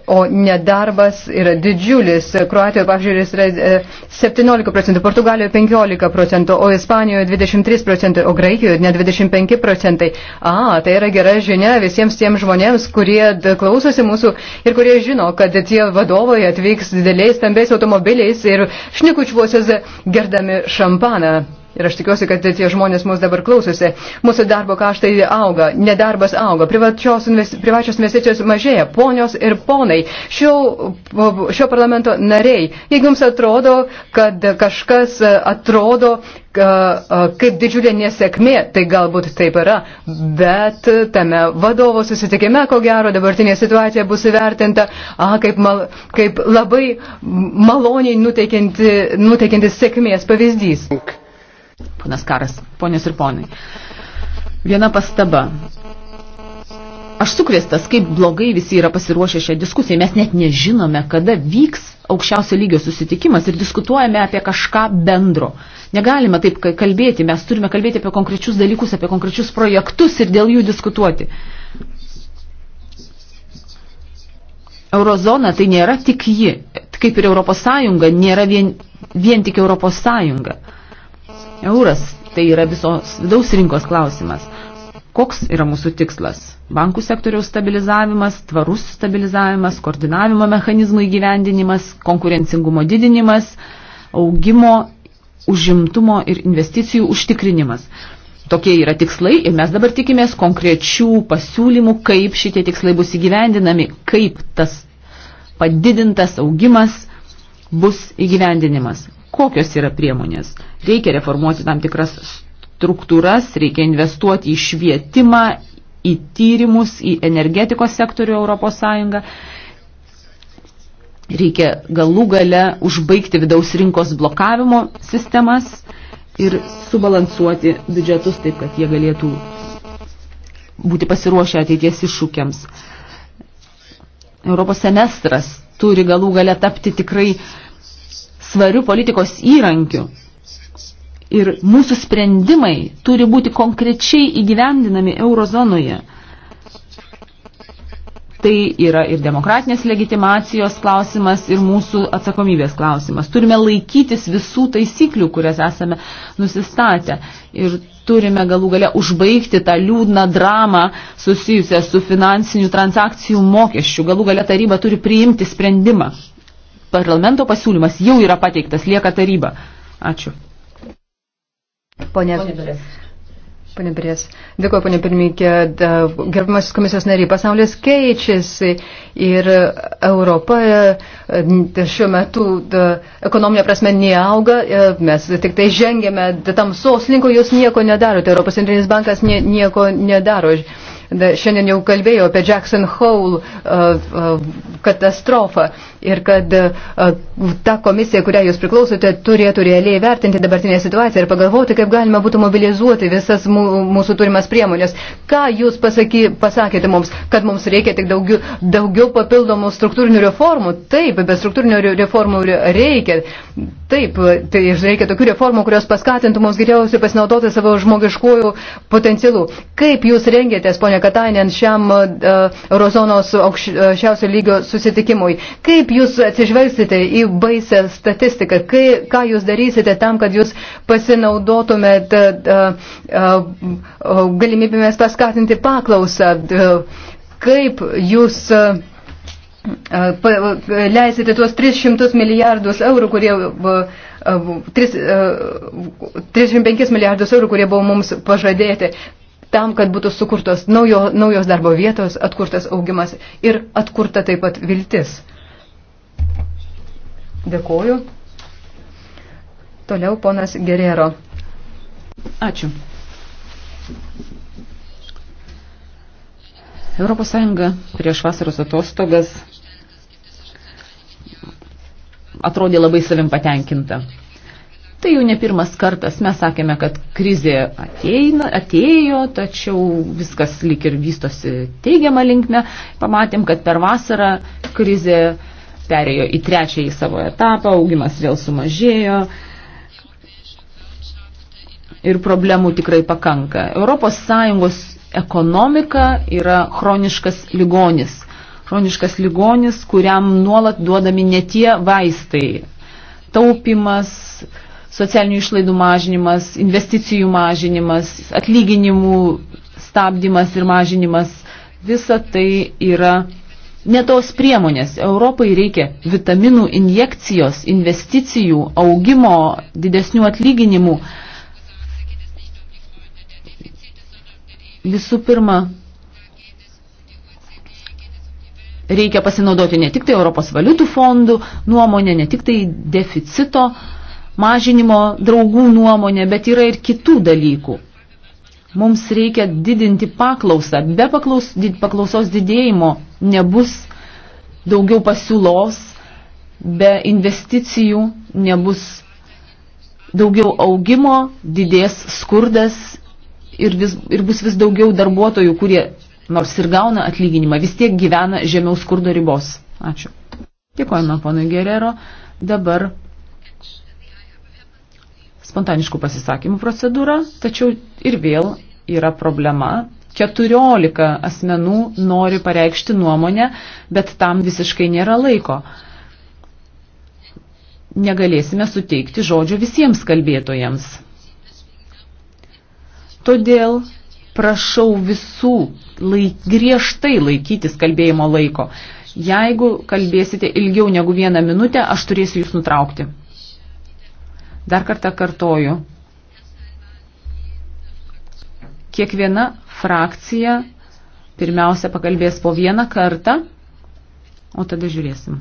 o nedarbas yra didžiulis. Kroatijoje, pavyzdžiui, yra 17 e, procentų, Portugalijoje 15 procentų, o Ispanijoje 23 procentai, o Graikijoje net 25 procentai. A, tai yra gera žinia visiems tiems žmonėms, kurie klausosi mūsų ir kurie žino, kad tie vadovai atvyks dideliais stambiais automobiliais ir šnikučiuosios gerdami šampaną. Ir aš tikiuosi, kad tie žmonės mūsų dabar klausosi. Mūsų darbo kaštai auga, nedarbas auga, privačios, investi privačios investicijos mažėja. Ponios ir ponai, šio, šio parlamento nariai, jeigu jums atrodo, kad kažkas atrodo kaip didžiulė nesėkmė, tai galbūt taip yra, bet tame vadovo susitikime, ko gero, dabartinė situacija bus įvertinta a, kaip, mal, kaip labai maloniai nuteikiantis sėkmės pavyzdys. Okay ponas Karas, ponios ir ponai. Viena pastaba. Aš sukviestas, kaip blogai visi yra pasiruošę šią diskusiją. Mes net nežinome, kada vyks aukščiausio lygio susitikimas ir diskutuojame apie kažką bendro. Negalime taip kalbėti, mes turime kalbėti apie konkrečius dalykus, apie konkrečius projektus ir dėl jų diskutuoti. Eurozona tai nėra tik ji, kaip ir Europos Sąjunga, nėra vien, vien tik Europos Sąjunga euras. Tai yra visos vidaus rinkos klausimas. Koks yra mūsų tikslas? Bankų sektoriaus stabilizavimas, tvarus stabilizavimas, koordinavimo mechanizmų įgyvendinimas, konkurencingumo didinimas, augimo, užimtumo ir investicijų užtikrinimas. Tokie yra tikslai ir mes dabar tikimės konkrečių pasiūlymų, kaip šitie tikslai bus įgyvendinami, kaip tas padidintas augimas bus įgyvendinimas kokios yra priemonės. Reikia reformuoti tam tikras struktūras, reikia investuoti į švietimą, į tyrimus, į energetikos sektorių Europos Sąjungą. Reikia galų gale užbaigti vidaus rinkos blokavimo sistemas ir subalansuoti biudžetus taip, kad jie galėtų būti pasiruošę ateities iššūkiams. Europos semestras turi galų gale tapti tikrai uh, svariu politikos įrankiu. Ir mūsų sprendimai turi būti konkrečiai įgyvendinami eurozonoje. Tai yra ir demokratinės legitimacijos klausimas, ir mūsų atsakomybės klausimas. Turime laikytis visų taisyklių, kurias esame nusistatę. Ir turime galų gale užbaigti tą liūdną dramą susijusią su finansinių transakcijų mokesčių. Galų gale taryba turi priimti sprendimą parlamento pasiūlymas jau yra pateiktas, lieka taryba. Ačiū. Pone, Pone Brės, dėkuoju, ponė pirmininkė, gerbimasis komisijos nariai, pasaulis keičiasi ir Europa e, šiuo metu da, ekonominė prasme neauga, e, mes tik tai žengėme tamsos linko, jūs nieko nedarote, tai Europos centrinis bankas nie, nieko nedaro. Šiandien jau kalbėjau apie Jackson Hole uh, uh, katastrofą ir kad uh, ta komisija, kurią jūs priklausote, turėtų realiai vertinti dabartinę situaciją ir pagalvoti, kaip galima būtų mobilizuoti visas mūsų turimas priemonės. Ką jūs pasaky, pasakėte mums, kad mums reikia tik daugiau, daugiau papildomų struktūrinių reformų? Taip, be struktūrinių reformų reikia. Taip, tai reikia tokių reformų, kurios paskatintų mums geriausiai pasinaudoti savo žmogiškojų potencialų. Kaip jūs rengėtės, ponia ponė Katainen, šiam uh, Eurozonos aukščiausio e, lygio susitikimui. Kaip jūs atsižvelgsite į baisę statistiką? Kai, ką jūs darysite tam, kad jūs pasinaudotumėt uh, e, uh, galimybėmės paskatinti paklausą? Uh, kaip jūs. Uh, leisite tuos 300 milijardus eurų, kurie 3, 305 milijardus eurų, kurie buvo mums pažadėti tam, kad būtų sukurtos naujo, naujos darbo vietos, atkurtas augimas ir atkurta taip pat viltis. Dėkuoju. Toliau ponas Gerero. Ačiū. Europos Sąjunga prieš vasaros atostogas atrodė labai savim patenkinta. Tai jau ne pirmas kartas mes sakėme, kad krizė ateina, atėjo, tačiau viskas lik ir vystosi teigiamą linkmę. Pamatėm, kad per vasarą krizė perėjo į trečiąjį savo etapą, augimas vėl sumažėjo ir problemų tikrai pakanka. ES ekonomika yra chroniškas ligonis. Chroniškas ligonis, kuriam nuolat duodami ne tie vaistai. Taupimas, socialinių išlaidų mažinimas, investicijų mažinimas, atlyginimų stabdymas ir mažinimas, visa tai yra ne tos priemonės. Europai reikia vitaminų injekcijos, investicijų, augimo, didesnių atlyginimų. Visų pirma, reikia pasinaudoti ne tik tai Europos valiutų fondų nuomonė, ne tik tai deficito uh, mažinimo draugų nuomonė, bet yra ir kitų dalykų. Mums reikia didinti paklausą. Be paklaus, did, paklausos didėjimo nebus daugiau pasiūlos, be investicijų nebus daugiau augimo, didės skurdas ir, vis, ir bus vis daugiau darbuotojų, kurie nors ir gauna atlyginimą, vis tiek gyvena žemiau skurdo ribos. Ačiū. Dėkojame ponui Gerero. Dabar spontaniškų pasisakymų procedūra, tačiau ir vėl yra problema. 14 asmenų nori pareikšti nuomonę, bet tam visiškai nėra laiko. Negalėsime suteikti žodžio visiems kalbėtojams. Todėl prašau visų laik, griežtai laikytis kalbėjimo laiko. Jeigu kalbėsite ilgiau negu vieną minutę, aš turėsiu jūs nutraukti. Dar kartą kartoju, kiekviena frakcija pirmiausia pakalbės po vieną kartą, o tada žiūrėsim.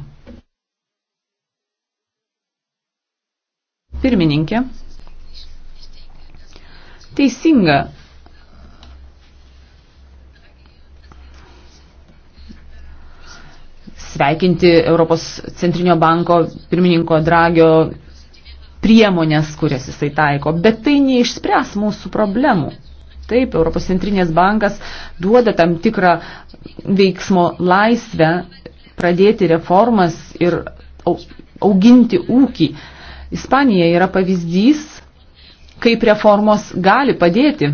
Pirmininkė. Teisinga. Sveikinti Europos centrinio banko pirmininko Dragio priemonės, kurias jisai taiko, bet tai neišspręs mūsų problemų. Taip, Europos centrinės bankas duoda tam tikrą veiksmo laisvę pradėti reformas ir auginti ūkį. Ispanija yra pavyzdys, kaip reformos gali padėti.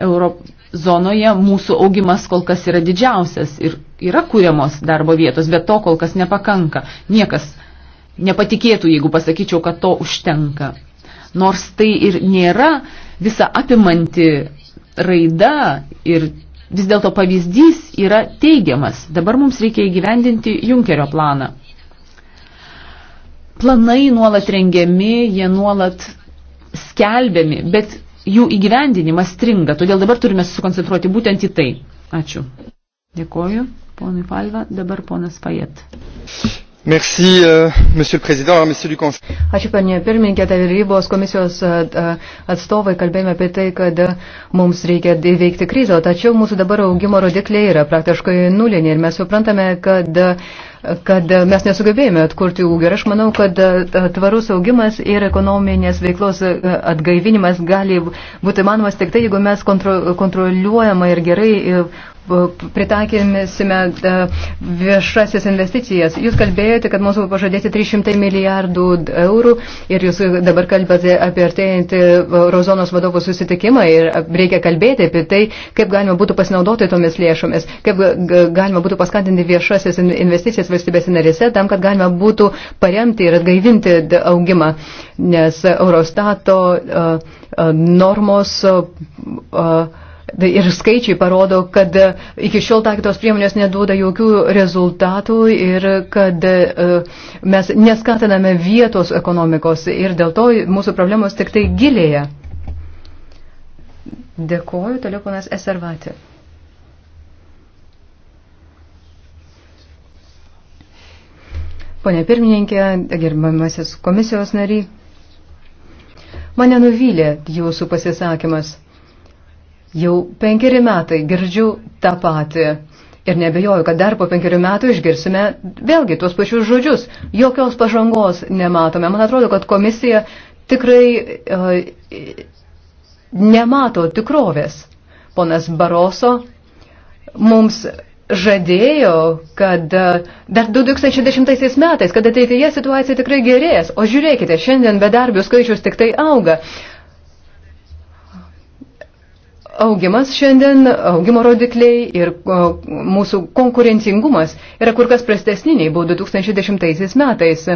Eurozonoje mūsų augimas kol kas yra didžiausias ir yra kūriamos darbo vietos, bet to kol kas nepakanka. Niekas nepatikėtų, jeigu pasakyčiau, kad to užtenka. Nors tai ir nėra visa apimanti raida ir vis dėlto pavyzdys yra teigiamas. Dabar mums reikia įgyvendinti Junkerio planą. Planai nuolat rengiami, jie nuolat skelbiami, bet jų įgyvendinimas stringa, todėl dabar turime susikoncentruoti būtent į tai. Ačiū. Dėkoju, ponui Palva, dabar ponas Pajet. Merci, euh, monsieur le président, monsieur du conseil. Ačiū, panė pirmininkė, tarybos komisijos atstovai kalbėjome apie tai, kad mums reikia įveikti krizę, tačiau mūsų dabar augimo rodikliai yra praktiškai nuliniai ir mes suprantame, kad, kad mes nesugebėjome atkurti ūgį. Ir aš manau, kad tvarus augimas ir ekonominės veiklos atgaivinimas gali būti manomas tik tai, jeigu mes kontro, kontroliuojama ir gerai pritaikėmėsime e, viešasis investicijas. Jūs kalbėjote, kad mūsų pažadėti 300 milijardų eurų ir jūs dabar kalbate apie artėjantį Eurozonos vadovų susitikimą ir reikia kalbėti apie tai, kaip galima būtų pasinaudoti tomis lėšomis, kaip galima būtų paskatinti viešasis investicijas valstybės narėse, tam, kad galima būtų paremti ir atgaivinti augimą, nes Eurostato e, e, normos uh, Tai ir skaičiai parodo, kad e, iki šiol taikytos priemonės neduoda jokių rezultatų ir kad e, mes neskatiname vietos ekonomikos ir dėl to mūsų problemos tik tai gilėja. Dėkoju, toliau ponas Eservatė. Pone pirmininkė, gerbiamasis komisijos nary, mane nuvylė jūsų pasisakymas. Jau penkeri metai girdžiu tą patį. Ir nebejoju, kad dar po penkerių metų išgirsime vėlgi tuos pačius žodžius. Jokios pažangos nematome. Man atrodo, kad komisija tikrai uh, nemato tikrovės. Ponas Baroso mums žadėjo, kad e, dar 2010 metais, kad ateityje situacija tikrai gerės. O žiūrėkite, šiandien bedarbių skaičius tik tai auga. Uh, augimas šiandien, augimo rodikliai ir mūsų konkurencingumas yra kur kas prastesni nei buvo 2010 metais.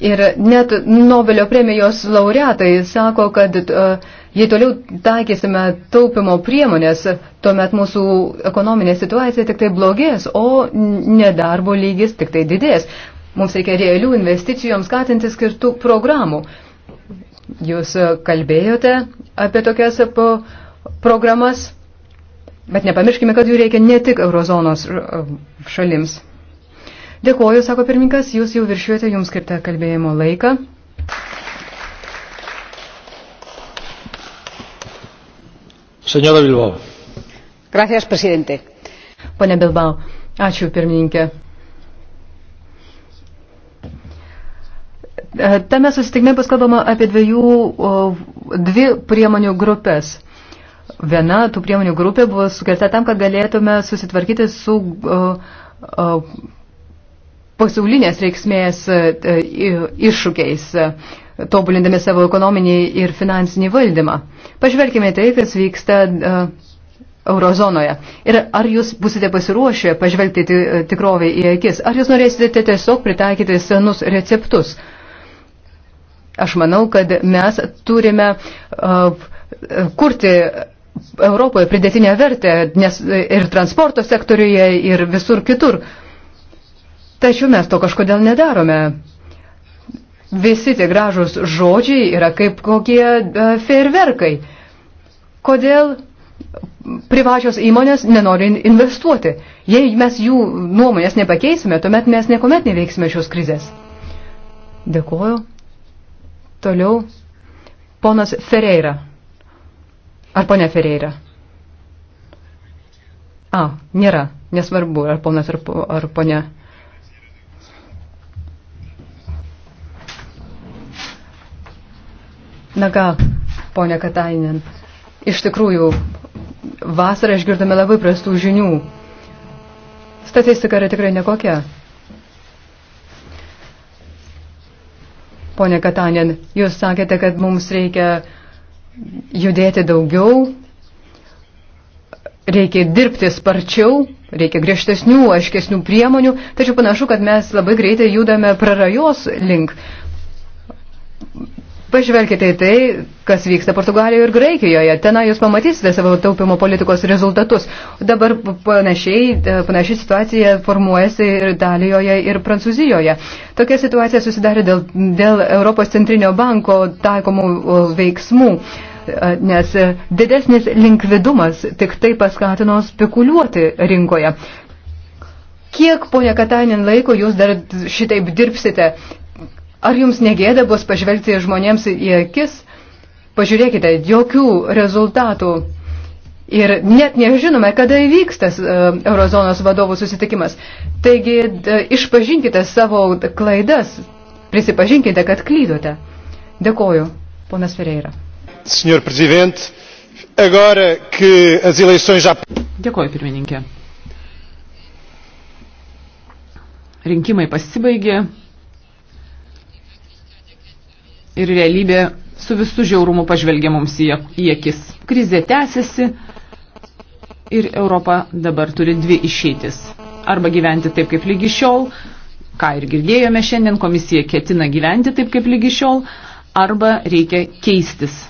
Ir net Nobelio premijos laureatai sako, kad uh, jei toliau taikysime taupimo priemonės, tuomet mūsų ekonominė situacija tik tai blogės, o nedarbo lygis tik tai didės. Mums reikia realių investicijoms skatinti skirtų programų. Jūs e, kalbėjote apie tokias e, programas, bet nepamirškime, kad jų reikia ne tik eurozonos e, šalims. Dėkuoju, sako pirmininkas, jūs jau viršiuojate jums skirtą kalbėjimo laiką. Señora Bilbao. Gracias, presidente. Pone Bilbao, ačiū pirmininkė. Tame susitikime bus kalbama apie dviejų, dvi priemonių grupės. Viena tų priemonių grupė buvo sukelta tam, kad galėtume susitvarkyti su uh, uh, pasaulinės reiksmės uh, e, iššūkiais, uh, tobulindami savo ekonominį ir finansinį valdymą. Pažvelkime tai, kas vyksta uh, eurozonoje. Ir ar jūs busite pasiruošę pažvelgti e, tikrovai į akis, ar jūs norėsite tiesiog pritaikyti senus receptus. Uh, Aš manau, kad mes turime uh, kurti Europoje pridėtinę vertę, nes ir transporto sektoriuje, ir visur kitur. Tačiau mes to kažkodėl nedarome. Visi tie gražus žodžiai yra kaip kokie fejerverkai. Kodėl privačios įmonės nenori investuoti? Jei mes jų nuomonės nepakeisime, tuomet mes niekuomet neveiksime šios krizės. Dėkuoju. Toliau ponas Ferreira. Ar ponia Ferreira? A, nėra. Nesvarbu, ar ponas ar, ar ponia. Na ką, ponia Katainen, iš tikrųjų, vasarą išgirdome labai prastų žinių. Statistika yra tikrai nekokia. Pone Katanin, jūs sakėte, kad mums reikia judėti daugiau, reikia dirbti sparčiau, reikia griežtesnių, aiškesnių priemonių, tačiau panašu, kad mes labai greitai judame prarajos link. Pažvelkite į tai, kas vyksta Portugalijoje ir Graikijoje. Tenai jūs pamatysite savo taupimo politikos rezultatus. Dabar panašiai, e, panašiai situacija formuojasi ir Dalijoje ir Prancūzijoje. Tokia situacija susidarė dėl, dėl Europos centrinio banko taikomų veiksmų e, nes e, didesnis linkvidumas tik tai paskatino spekuliuoti rinkoje. Kiek, ponia Katainin, laiko jūs dar šitaip dirbsite Ar jums negėda bus pažvelgti žmonėms į akis? Pažiūrėkite, jokių rezultatų. Ir net nežinome, kada įvyks tas e, Eurozonos vadovų susitikimas. Taigi išpažinkite savo klaidas, prisipažinkite, kad klydote. Dėkoju, ponas Ferreira. Senhor Presidente, agora que as eleições já... Dėkoju, pirmininkė. Rinkimai pasibaigė, ir realybė su visų žiaurumu pažvelgia mums į, į akis. Krizė tęsiasi ir Europa dabar turi dvi išeitis. Arba gyventi taip kaip lygi šiol, ką ir girdėjome šiandien, komisija ketina gyventi taip kaip lygi šiol, arba reikia keistis.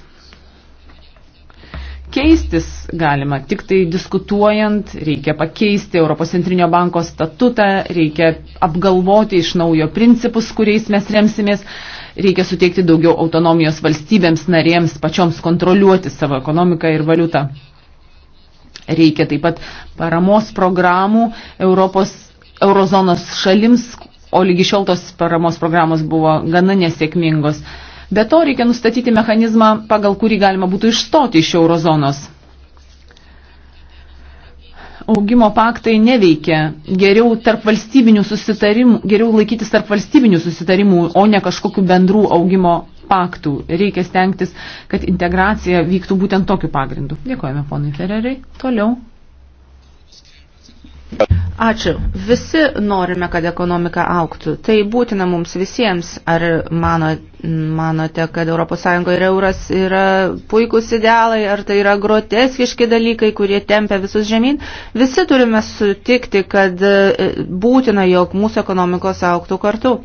Keistis galima tik tai diskutuojant, reikia pakeisti Europos centrinio banko statutą, reikia apgalvoti iš naujo principus, kuriais mes remsimės, reikia suteikti daugiau autonomijos valstybėms narėms pačioms kontroliuoti savo ekonomiką ir valiutą. Reikia taip pat paramos programų Europos eurozonos šalims, o lygi šiol tos paramos programos buvo gana nesėkmingos. Be to reikia nustatyti mechanizmą, pagal kurį galima būtų išstoti iš eurozonos augimo paktai neveikia. Geriau, tarp valstybinių susitarimų, geriau laikytis tarp valstybinių susitarimų, o ne kažkokių bendrų augimo paktų. Reikia stengtis, kad integracija vyktų būtent tokiu pagrindu. Dėkojame ponui Ferrerai. Toliau Ačiū. Visi norime, kad ekonomika auktų. Tai būtina mums visiems. Ar mano, manote, kad ES ir euras yra puikūs idealai, ar tai yra groteskiški dalykai, kurie tempia visus žemyn? Visi turime sutikti, kad e, būtina, jog mūsų ekonomikos auktų kartu.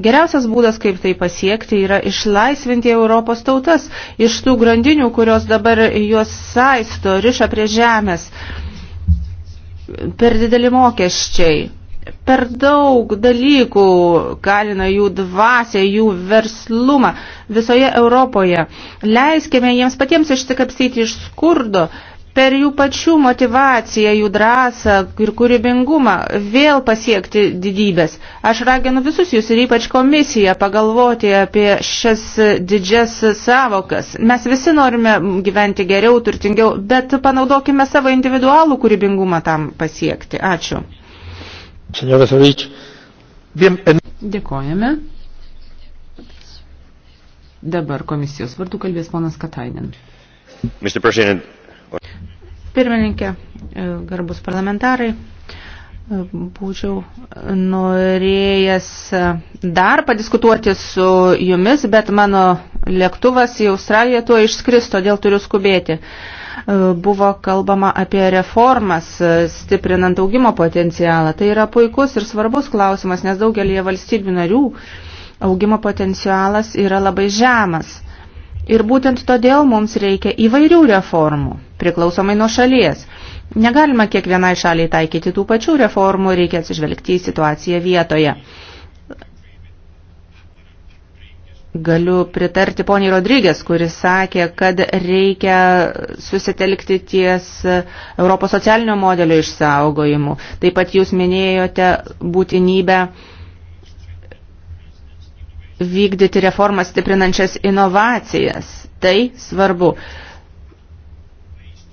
Geriausias būdas, kaip tai pasiekti, yra išlaisvinti Europos tautas iš tų grandinių, kurios dabar juos saisto, riša prie žemės per dideli mokesčiai, per daug dalykų kalina jų dvasę, jų verslumą visoje Europoje. Leiskime jiems patiems išsikapsyti iš skurdo, per jų pačių motivaciją, jų drąsą ir kūrybingumą vėl pasiekti didybės. Aš raginu visus jūs ir ypač komisiją pagalvoti apie šias didžias savokas. Mes visi norime gyventi geriau, turtingiau, bet panaudokime savo individualų kūrybingumą tam pasiekti. Ačiū. Dėkojame. Dabar komisijos vardu kalbės ponas Katainen. Mr. President, Pirmininkė, e, garbus parlamentarai, e, būčiau norėjęs e, dar padiskutuoti su jumis, bet mano lėktuvas į Australiją tuo išskris, todėl turiu skubėti. Buvo kalbama apie reformas, stiprinant augimo potencialą. Tai yra puikus ir svarbus klausimas, nes daugelie valstybių narių augimo potencialas yra labai žemas. Ir būtent todėl mums reikia įvairių reformų priklausomai nuo šalies. Negalima kiekvienai šaliai taikyti tų pačių reformų, reikia atsižvelgti į situaciją vietoje. Galiu pritarti poniai Rodrygės, kuris sakė, kad reikia susitelkti ties Europos socialinio modelio išsaugojimu. Taip pat jūs minėjote būtinybę vykdyti reformas stiprinančias inovacijas. Tai svarbu.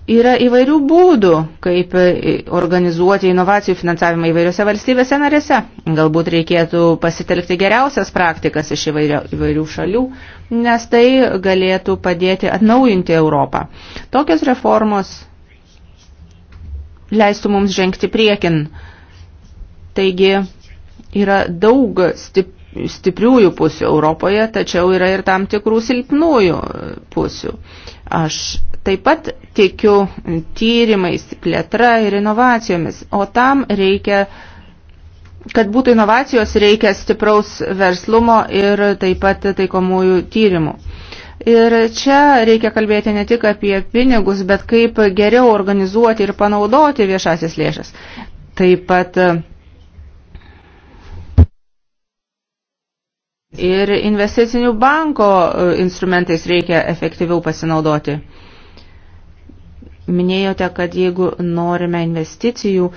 Yra įvairių būdų, kaip e, organizuoti inovacijų finansavimą įvairiose valstybėse narėse. Galbūt reikėtų pasitelkti geriausias praktikas iš įvairio, įvairių šalių, nes tai galėtų padėti atnaujinti Europą. Tokios reformos leistų mums žengti priekin. Taigi yra daug stip, stipriųjų pusių Europoje, tačiau yra ir tam tikrų silpnųjų pusių. Aš taip pat tikiu tyrimais, plėtra ir inovacijomis, o tam reikia, kad būtų inovacijos, reikia stipraus verslumo ir taip pat taikomųjų tyrimų. Ir čia reikia kalbėti ne tik apie pinigus, bet kaip geriau organizuoti ir panaudoti viešasis lėšas. Taip pat Ir investicinių banko e, instrumentais reikia efektyviau pasinaudoti. Minėjote, kad jeigu norime investicijų,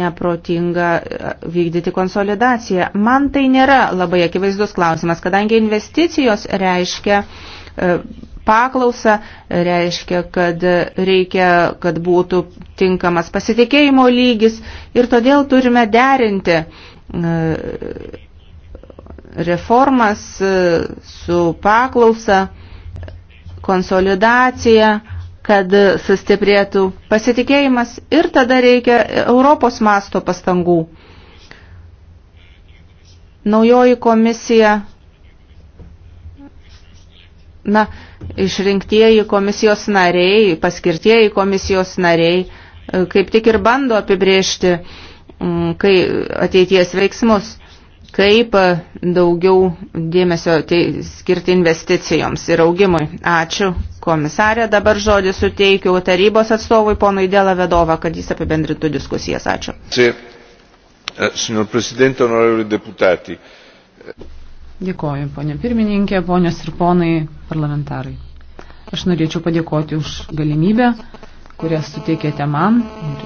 neprotinga e, vykdyti konsolidaciją. Man tai nėra labai akivaizdus klausimas, kadangi investicijos reiškia e, paklausą, reiškia, kad reikia, kad būtų tinkamas pasitikėjimo lygis ir todėl turime derinti reformas, e, su paklausa, konsolidacija, kad sustiprėtų pasitikėjimas ir tada reikia Europos masto pastangų. Naujoji komisija, na, išrinktieji komisijos nariai, paskirtieji komisijos nariai, e, kaip tik ir bando apibriežti kai ateities veiksmus kaip e, daugiau dėmesio skirti investicijoms ir augimui. Ačiū, komisarė. Dabar žodį suteikiu tarybos atstovui ponui Dėlą Vedovą, kad jis apibendrintų diskusijas. Ačiū. E, Dėkoju, ponė pirmininkė, ponios ir ponai parlamentarai. Aš norėčiau padėkoti už galimybę, kurią suteikėte man ir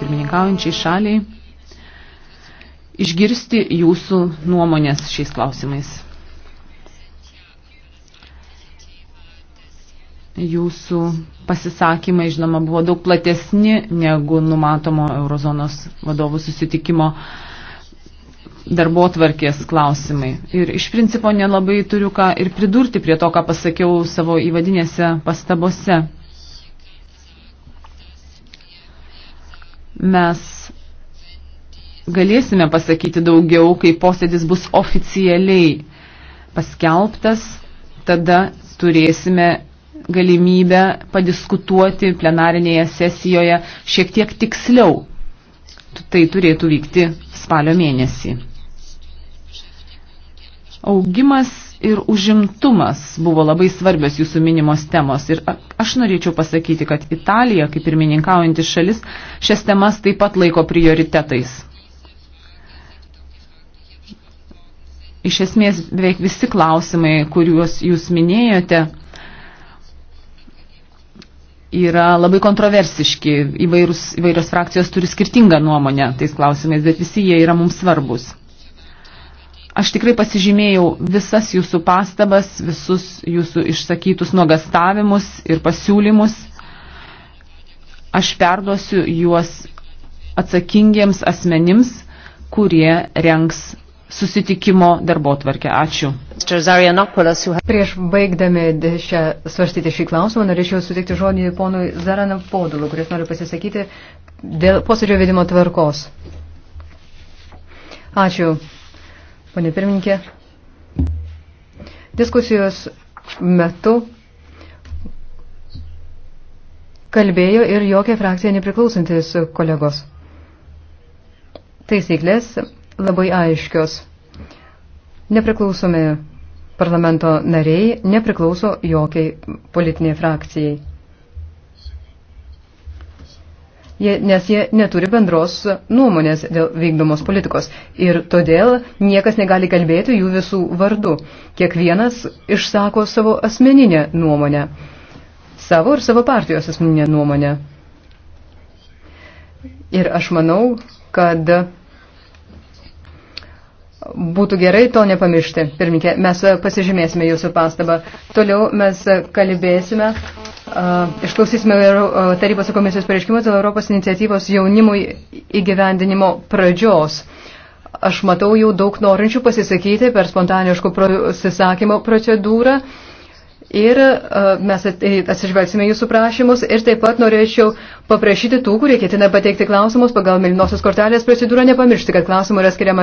pirmininkaujančiai šaliai išgirsti jūsų nuomonės šiais klausimais. Jūsų pasisakymai, žinoma, buvo daug platesni negu numatomo Eurozonos vadovų susitikimo darbo tvarkės klausimai. Ir iš principo nelabai turiu ką ir pridurti prie to, ką pasakiau savo įvadinėse pastabose. Mes galėsime pasakyti daugiau, kai posėdis bus oficialiai paskelbtas, tada turėsime galimybę padiskutuoti plenarinėje sesijoje šiek tiek tiksliau. Tai turėtų vykti spalio mėnesį. Augimas ir užimtumas buvo labai svarbios jūsų minimos temos. Ir aš norėčiau pasakyti, kad Italija, kaip pirmininkaujantis šalis, šias temas taip pat laiko prioritetais. iš esmės beveik visi klausimai, kuriuos jūs minėjote, yra labai kontroversiški. Įvairūs, įvairios frakcijos turi skirtingą nuomonę tais klausimais, bet visi jie yra mums svarbus. Aš tikrai pasižymėjau visas jūsų pastabas, visus jūsų išsakytus nuogastavimus ir pasiūlymus. Aš perduosiu juos atsakingiems asmenims, kurie rengs susitikimo darbo tvarkę. Ačiū. Prieš baigdami šią, svarstyti šį klausimą, norėčiau sutikti žodį ponui Zaranam Podulu, kuris nori pasisakyti dėl posėdžio vedimo tvarkos. Ačiū, ponė pirmininkė. Diskusijos metu kalbėjo ir jokia frakcija nepriklausantis kolegos. Taisyklės labai aiškios. Nepriklausomi parlamento nariai nepriklauso jokiai politiniai frakcijai. Jie, nes jie neturi bendros nuomonės dėl vykdomos politikos. Ir todėl niekas negali kalbėti jų visų vardu. Kiekvienas išsako savo asmeninę nuomonę. Savo ir savo partijos asmeninę nuomonę. Ir aš manau, kad būtų gerai to nepamiršti. Pirminkė, mes e, pasižymėsime jūsų pastabą. Toliau mes e, kalbėsime, uh, išklausysime uh, tarybos komisijos pareiškimus dėl Europos iniciatyvos jaunimui įgyvendinimo pradžios. Aš matau jau daug norinčių pasisakyti per spontaniškų pasisakymo procedūrą. Ir uh, mes atsižvelgsime jūsų prašymus ir taip pat norėčiau paprašyti tų, kurie ketina pateikti klausimus pagal Milinosios kortelės procedūrą, nepamiršti, kad klausimų yra skiriama